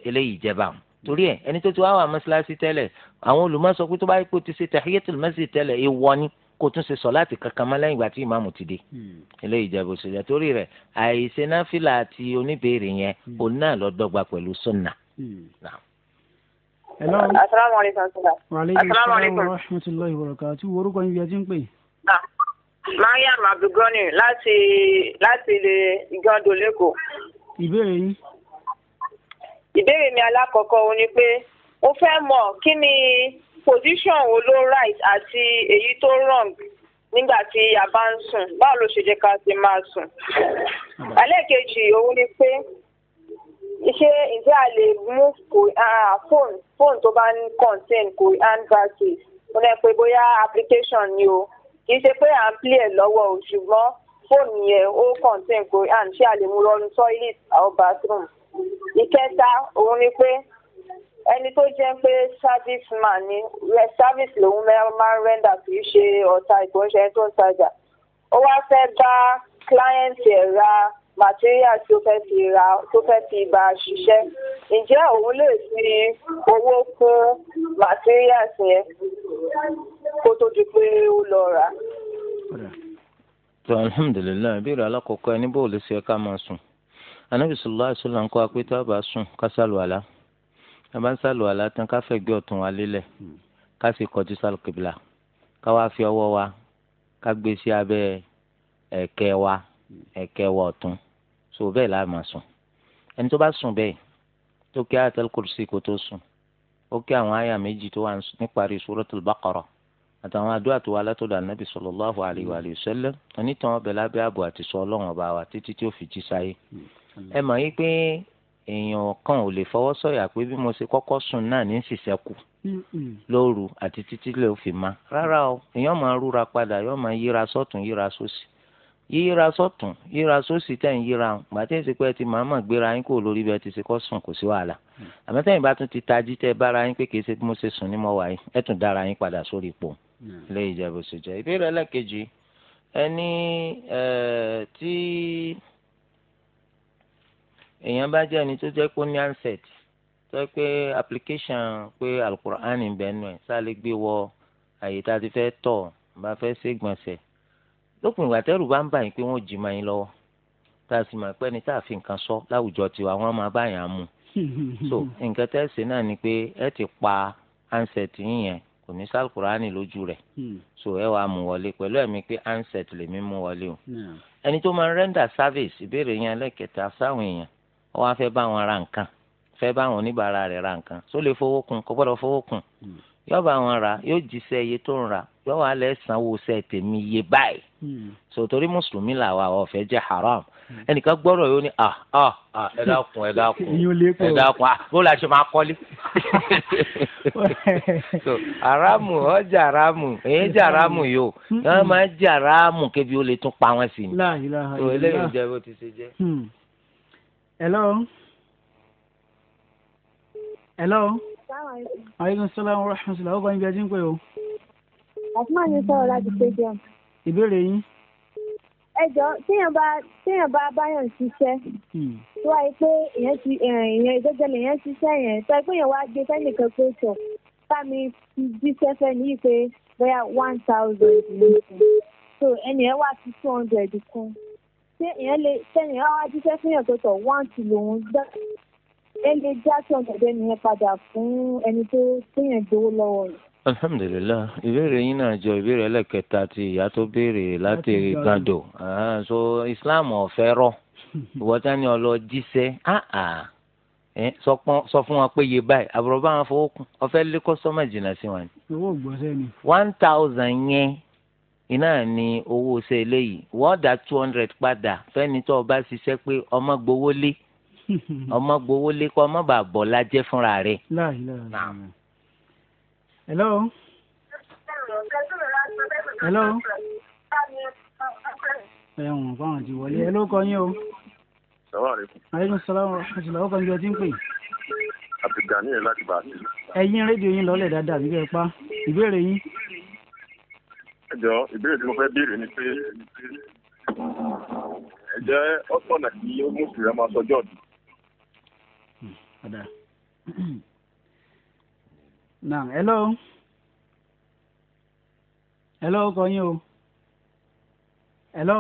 eléyìí jẹba àwọn torí ẹ ẹni tó ti wá wà mọ́ṣáláṣí tẹ́lẹ̀ àwọn olùmọ̀ sọ pé tó bá yẹ kó ti ṣe tahiyatul masjid tẹ́lẹ̀ èèwọ̀ ni kó tún ṣe sọ̀láàtì kankan mọ́ lẹ́yìn ìgbà tí ìmáàmù ti dé hmm. eléyìí jẹ́ bó ṣe jẹ́ torí rẹ̀ àìṣe náfìlà àti oníbèrè yẹn hmm. òun náà lọ dọ́gba pẹ̀lú sunna. asalaamualeykum asalaamualeykum wa rahmatulahi láti láti ilé igando lẹ́kọ̀ọ́. ìbéèrè yín ìbéèrè mi alákọ̀ọ́kọ́ o ni pé mo fẹ́ mọ̀ kí ni position wo ló right àti èyí tó wrong nígbà tí a bá ń sùn báwo ló ṣe jẹ́ ká ti máa sùn. ẹlẹ́ẹ̀kejì òun ni pé ṣé ǹjẹ́ a lè mú fóònù fóònù tó bá ń contain Quran verses mo ní pé bóyá application ni o kì í ṣe pé à ń play ẹ̀ lọ́wọ́ o ṣùgbọ́n fóònù yẹn ó contain Quran ṣé a lè mú lọ́nu toilet or bathroom ìkẹta òun ni pé ẹni tó jẹ́ pé service man ni service lòun máa ń render kì í ṣe ọ̀tá ìkọ́ṣẹ́ tó ń tajà ó wá fẹ́ bá client ẹ̀ ra material tó fẹ́ fi ra tó fẹ́ fi bá a ṣiṣẹ́ ǹjẹ́ òun lè fi owó kún materials yẹn kó tó di pé ó lọ rà. alhamdulilayi bí ìrọ̀ alákọ̀ọ́kọ́ ẹni bó lè ṣe ká máa sùn anabi sallallahu alaihi wasallam kọ́ apẹ́ tá a bá sùn ká sàlùwàlá tá a bá ń sàlùwàlá tán ká fẹ̀gbẹ́ ọ̀tún wa lélẹ̀ ká sì kọjú sàlùkìbìlà ká wá fi ọwọ́ wa ká gbé sí abẹ́ ẹ̀kẹ́ wa ẹ̀kẹ́ wa ọ̀tún so bẹ́ẹ̀ la máa sùn ẹni tó bá sùn bẹ́ẹ̀ tó kí ayatul kursi kó tó sùn ó kí àwọn àyà méjì tó wà níparí suratul baqara àtàwọn àdúrà tó wà látọ̀dọ̀ ànábì sallallahu alaihi wa sallam onítàn ọbẹ̀ lábẹ́ ààbò àti sọ ọlọ́run ọba wa títí tí ó fi jí sáyé ẹ mọ̀ yín pé èèyàn kan ò lè fọwọ́ sọ̀yà pé bí mo ṣe kọ́kọ́ sùn náà ní ṣiṣẹ́ kù lóru àti títí lè fi ma rárá o èèyàn máa rúra padà yóò máa yíra sọ́tún yíra sósì yíra sọ́tún yíra sósì tẹ̀ ń yíra hàn gbàtẹ́ ìsìnkú ẹ ti màmá gbéra yín kò lórí bẹ́ẹ̀ ti ṣe kọ́ sùn kò sí wàhálà mm. àmọ́tẹ́yìn bá tún ti tají tẹ́ bára yín pé kì ṣe bí mo ṣe sùn ní mo wà ẹ tún dára yín padà sórí ipò ilé mm. ìjẹ́bù ṣèjẹ́ ìbéèrè ẹlẹ́kejì ẹni tí èèyàn bá jẹ́ ẹni tó jẹ́ pé ní handset tó jẹ́ pé application pé alukur'an ń bẹ nù ẹ̀ sálẹ̀ gbé wọ àyè tá a ti fẹ́ tọ̀ bá fẹ́ ṣègbọ̀nsẹ̀ lópin ìgbà tẹ́rù bá ń bà yín pé wọ́n jì máa yín lọ́wọ́ tá a sì mọ̀ pé ẹni tá a fi nǹkan sọ láwùjọ tiwa wọ́n máa bá yàn á mu so nǹkan tẹ́ ṣe náà ni pé ẹ ti pa handset yín yẹn kò ní sálùkùránì lójú rẹ̀ hmm. so ẹ wàá mú wọlé pẹ̀lú ẹ̀mí pé handset lèmi mú wọlé o ẹni tó máa ń rẹ́ndà service ìbéèrè yẹn lẹ́kẹ̀ta sáwọn èèyàn ó wá fẹ́ bá wọn ra nǹkan fẹ́ bá wọn oníbàárà rẹ̀ ra nǹkan só lè fowó kun kò gbọ́dọ̀ fowó kun hmm. yóò bá wọn ra yóò jíṣẹ́ iye tó ń ra yóò wá lẹ́ sanwó sẹ́ tèmi iye báyìí hmm. sòtórí mùsùlùmí làwa ò fẹ́ jẹ́ haram hmm. ẹnìkan gbọ́dọ̀ yóò ní ah ah ah ẹ dákun ẹ dákun ẹ dákun ah bó la ṣe máa kọ́lé so haramu ọjà haramu èyí jẹ haramu yìí o wọn máa jẹ haramu kébi ó lè tún pa wọn sí ni so eléyìí jẹ bó ti ṣe jẹ hello. hello. aleykum salaam wa rahmatulah ó bá yín bí ẹjí ń pè o. àtúmọ̀ ni sọ̀rọ̀ láti stadium. ìbéèrè yín. ẹ jọ téèyàn bá téèyàn bá báyọ̀ ṣiṣẹ́ hmm. tó wáyé pé èèyàn ti eh, èèyàn ìjọjọlẹ̀ èèyàn ṣiṣẹ́ yẹn tó wáyé pé èèyàn wá gbé sẹ́nìkan pé sọ bá mi jíṣẹ́ fẹ́ ní ìpè bóyá one thousand so ẹnì ẹ wá two hundred kún ṣé èèyàn lè sẹ́yìn á wá jíṣẹ́ fún èèyàn tó tọ̀ one kìlò òun gbà ẹ lè já sí ọ̀gẹ̀dẹ̀ nìyẹn padà fún ẹni tó séyàn gbowó lọ́wọ́ rẹ̀. alhamdulilah ìbéèrè yín náà jọ ìbéèrè ẹlẹ́kẹta ti ìyá tó béèrè láti gàdò so islam ọ̀fẹ́ rọ̀ ìwọ́ta ni ọlọ jíṣẹ́ sọ fún wa pé iye báyìí àbúrò bá wọn fowó kún ọ̀fẹ́ lé kọ́sọ́mà jìnnà sí wa ni. one thousand yẹn iná ní owó ṣe eléyìí wọ́n dá two hundred padà fẹ́ni tó o bá ṣiṣẹ́ pé ọmọ gbowó lé ọmọ gbowó lé kọ́ ọmọ bàá bọ̀ lájẹ́ fúnra rẹ̀. hello. hello. ẹ̀wọ̀n báwọn ti wọlé ẹ ló kọ yín o. salaamaleykum. aleykum salaam wa rahmatulah ọkọ ìjọ tí ń pè. àbùdá ní ẹ̀ láti bá a ti. ẹ̀yin rédíò yín lọ́lẹ̀ dáadáa bí kẹ́ ẹ pa ìbéèrè yín ẹjọ́ ìbéèrè tí mo fẹ́ béèrè ni pé ẹ̀jẹ̀ ọ̀sán àti mùsùlùmí rẹ̀ máa sọjọ́ ọ̀dùn. Hmm, naam hello hello kọ o hello.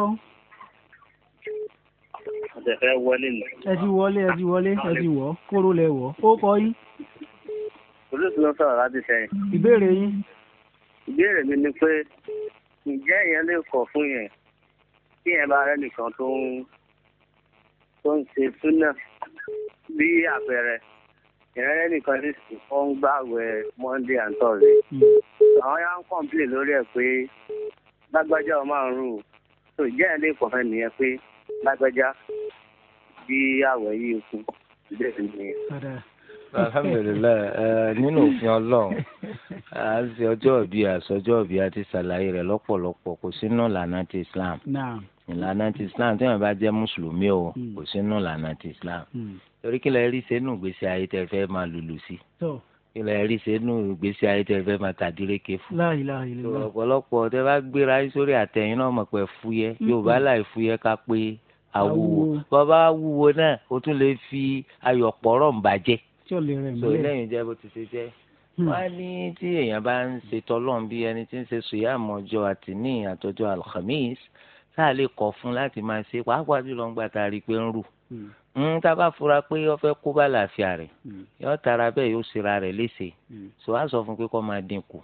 ọ̀sẹ̀ fẹ́ wọlé nù. ẹ ti wọlé ẹ ti wọlé ẹ ti wọ̀ kóró lẹ wọ̀ ó kọ yín. olùsọ̀rọ̀ sọ̀rọ̀ láti sẹ́yìn. ìbéèrè yín ìbéèrè mi ni pé ǹjẹ́ ìyẹn lè kọ̀ fún yẹn kí yẹn bá rẹ nìkan tó ń tó ń ṣe súnà bí àpẹẹrẹ ìrẹ́lẹ́ nìkan ní ó ń gbàwẹ̀ Monday and Thursday hmm. àwọn yà ń kọ̀ǹplé lórí ẹ̀ pé lágbájá ọmọ àrùn tó ìjẹ́ ìyẹn lè kọ̀ fẹ́ nìyẹn pé lágbájá bí àwẹ̀ yìí kú ìbéèrè nìyẹn alhamdulilayi uh, nínú òfin Ọlọ́run àti ọjọ́ ìbí àsọjọ́ ìbí àti sàlàyé rẹ̀ lọ́pọ̀lọpọ̀ kò sínú ìlànà ti Islam ìlànà ti Islam tí wọn bá jẹ́ mùsùlùmí o hmm. kò sínú ìlànà ti Islam hmm. torí kí lè rí sẹ́nu ìgbésí ayé tẹ́ fẹ́ máa lùlù sí kí lè rí sẹ́nu ìgbésí ayé tẹ́ fẹ́ máa tàdíréke fún ọ̀pọ̀lọpọ̀ tẹ́ bá gbéra sórí àtẹ̀yìn náà mọ̀ pé fúyẹ́ hmm. Yorùbá láì fúyẹ́ ká pé awúwo bàbá awúwo náà o tún lè fi ayọ̀pọ̀ rọ̀ ń bàjẹ́ tí ò lè rẹ̀ mọ́lẹ̀. so lẹ́yìn jẹ́ bó ti ṣe jẹ́ hmm. wọ́n á ní tí èèyàn bá ń ṣe tọ́lọ́n bí ẹni tí ń ṣe sùyàmù ọjọ́ àtìní àtọ́jọ́ alhamis tá a lè kọ̀ fún láti máa ṣe pàápàá jùlọ ń gbà tá a rí i pé ń rù ń hmm. hmm, tá a bá fura pé ó fẹ́ kó bá làáfíà rẹ̀ yóò tara bẹ́ẹ̀ yóò ṣera rẹ̀ léṣe so á sọ fún pé kó máa dínkù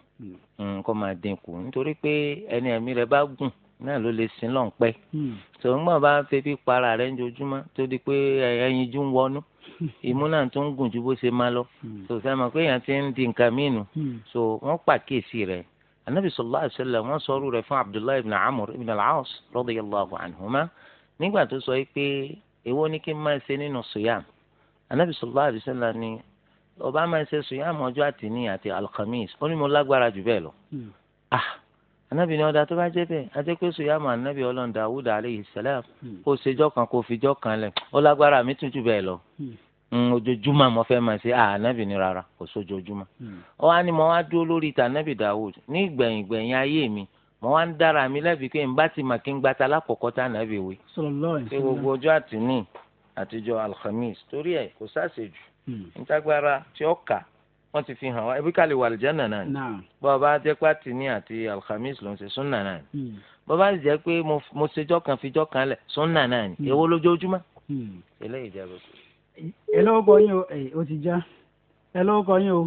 kó máa dínkù nítorí pé ẹni ẹ̀mí rẹ̀ bá gùn náà ló lè sin lọ́npẹ́ tòun gbọ́n bá ń febi para rẹ̀ ń jojúmọ́ tó di pé ẹyinjú ń wọnú imú náà tó ń gùn ju bó ṣe máa lọ tó hmm. fẹ́ mọ̀ pé èèyàn ti ń di nǹkan míì nù hmm. so wọ́n pàkíyèsí rẹ̀ anabi sallallahu alaihi wasallam wọ́n sọ ọrú rẹ̀ fún abdullahi ibn amr ibn al-aas radiyallahu anhuma nígbà tó sọ pé èwo ni kí n máa ṣe nínú suyam anabi sallallahu alaihi wasallam ni ọba máa ṣe suyam ọjọ́ àtìní àti alkhamis ó ní mo lágbára jù bẹ́ẹ̀ lọ hmm. ah anabi ni ọ̀dà tó bá jẹ́ bẹ́ẹ̀ àtẹ́kẹ́ sòyàmù anabi ọlọ́run dawud aleyhi salam hmm. kó o ṣèjọ́ kan kó o fìjọ́ kan lẹ̀ ó lágbára mi tún jù bẹ́ẹ̀ lọ hmm. Hmm, ojoojúmọ́ mo fẹ́ máa ṣe anabi ni rárá kò sójoojúmọ́ ọ wá ní mo wá dúró lórí ìta anabi dawud ní ìgbẹ̀yìn ìgbẹ̀yìn ayé mi mo wá ń dára mi lẹ́bi pé nbá ti mà kí n gbata lákòókò tá anabi wé ṣé gbogbo ọjọ́ àtìní àtijọ́ alhamis torí ẹ̀ kò sáṣejù nítagbára tí ó kà wọ́n ti fi hàn wá ebi kálí wà lìjánà náà ni bọ́ọ̀bá jẹ́ pé àtìní àti alhamis ló ń ṣe súnà náà ni hmm. bọ́ọ̀bá jẹ́ pé mo ṣèjọ́ kan fìjọ́ kan lẹ̀ súnà náà ni hmm. èwo lójoojúmọ́. Hmm. eléyìí jẹ́ bó. ẹ lọ́wọ́ kọ yín o ó ti já ẹ lọ́wọ́ kọ yín o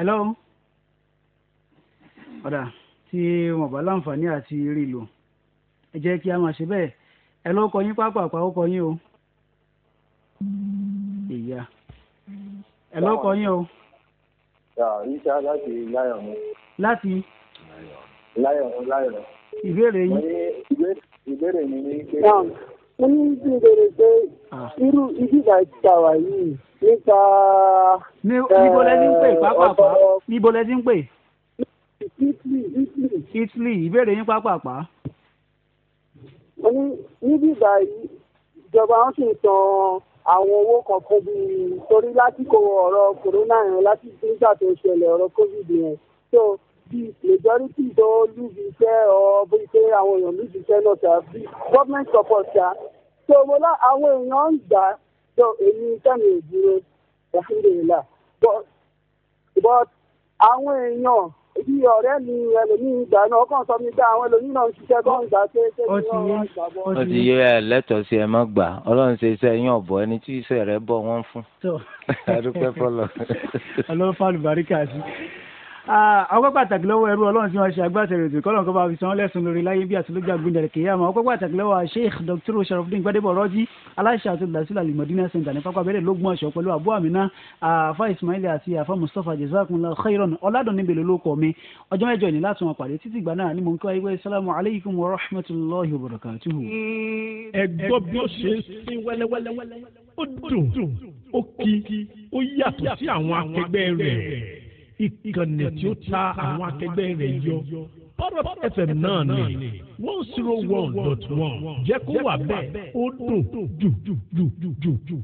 ẹ lọ́wọ́ ọ̀dà tí wọn bá láǹfààní àti rí lò ẹ jẹ́ kí a máa ṣe bẹ́ẹ̀ ẹ lọ́wọ́ kọ yín pápá àpá ó kọ yín o. ìyá. Yeah ẹ lọ́kọ yín o. ìṣá láti láyọ̀ mi. láti. láyọ̀ láyọ̀. ìbéèrè yín. ìbéèrè mi ni pé. mo ní bí n bèrè pé ah. irú ìdíjà ìjà wà yìí nípa. níbo lẹ ti ń pè eh, pápápá níbo lẹ ti ń pè. Italy Italy. Italy ìbéèrè yín pápápá. mo ní níbi ìgbà yìí ìjọba wọn sì ń tan àwọn owó kan fún bí torí lásìkò ọ̀rọ̀ corona yẹn láti nígbà tó ṣẹlẹ̀ ọ̀rọ̀ covid yẹn so bí majority tó lùbí iṣẹ́ ọ bí pé àwọn èèyàn lùbí iṣẹ́ náà ṣá bí government support ṣá so mo lá àwọn èèyàn ń gbà so èyí sẹ́mi ò dúró alhamdulillah but but àwọn èèyàn bí ọ̀rẹ́ mi ẹlòmíì gbà náà ọkàn sọ mi pé àwọn ẹlòmíì náà ń ṣiṣẹ́ gan ìgbà pé ṣé kí wọ́n gbàgbọ́. ó ti yé ẹ lẹ́tọ̀ọ́ sí ẹ má gbà ọlọ́run ṣe iṣẹ́ yín ọ̀bọ ẹni tí iṣẹ́ rẹ̀ bọ̀ wọ́n fún. adúpẹ́ fọlọ́. ọlọ́run fàlùbáríkà sí ọpẹ́ pàtàkì lọ́wọ́ ẹrú ọlọ́run tí wọ́n ṣe agbátẹrù ètò ìkọ́lọ̀ nǹkan bá fi san lẹ́sùn lórí láyé bí àtúlójú àgbéǹdẹ̀rẹ̀ kìyàmù ọpẹ́ pàtàkì lọ́wọ́ sheikh dr sharafdin gbadebo rọ́jí aláṣẹ àti olùdásílẹ̀ alimọ̀dínà center ní pápá abẹ́rẹ́ lógún ọ̀ṣọ́ pẹ̀lú abu amina afa ismail àti afa mustapha jazakumullah khairan ọ̀làdùn níbi lólókọ̀ mi ọjọ́ mẹ́jọ ní láti wọn pàdé títí ìgbà ni mò ń kí wáyé pé salamu alaykum wa rahmatulahi wa barakatuhu. ẹ gbọ́ bí ó ṣe ń sin wẹ́lẹ́wẹ́lẹ́ ìkànnì tí ó ta àwọn akẹgbẹ́ rẹ̀ yọ pọ́dọ̀ fm náà ni one zero one dot one jẹ́ kó wà bẹ́ẹ̀ ó dùn jù jù jù jù.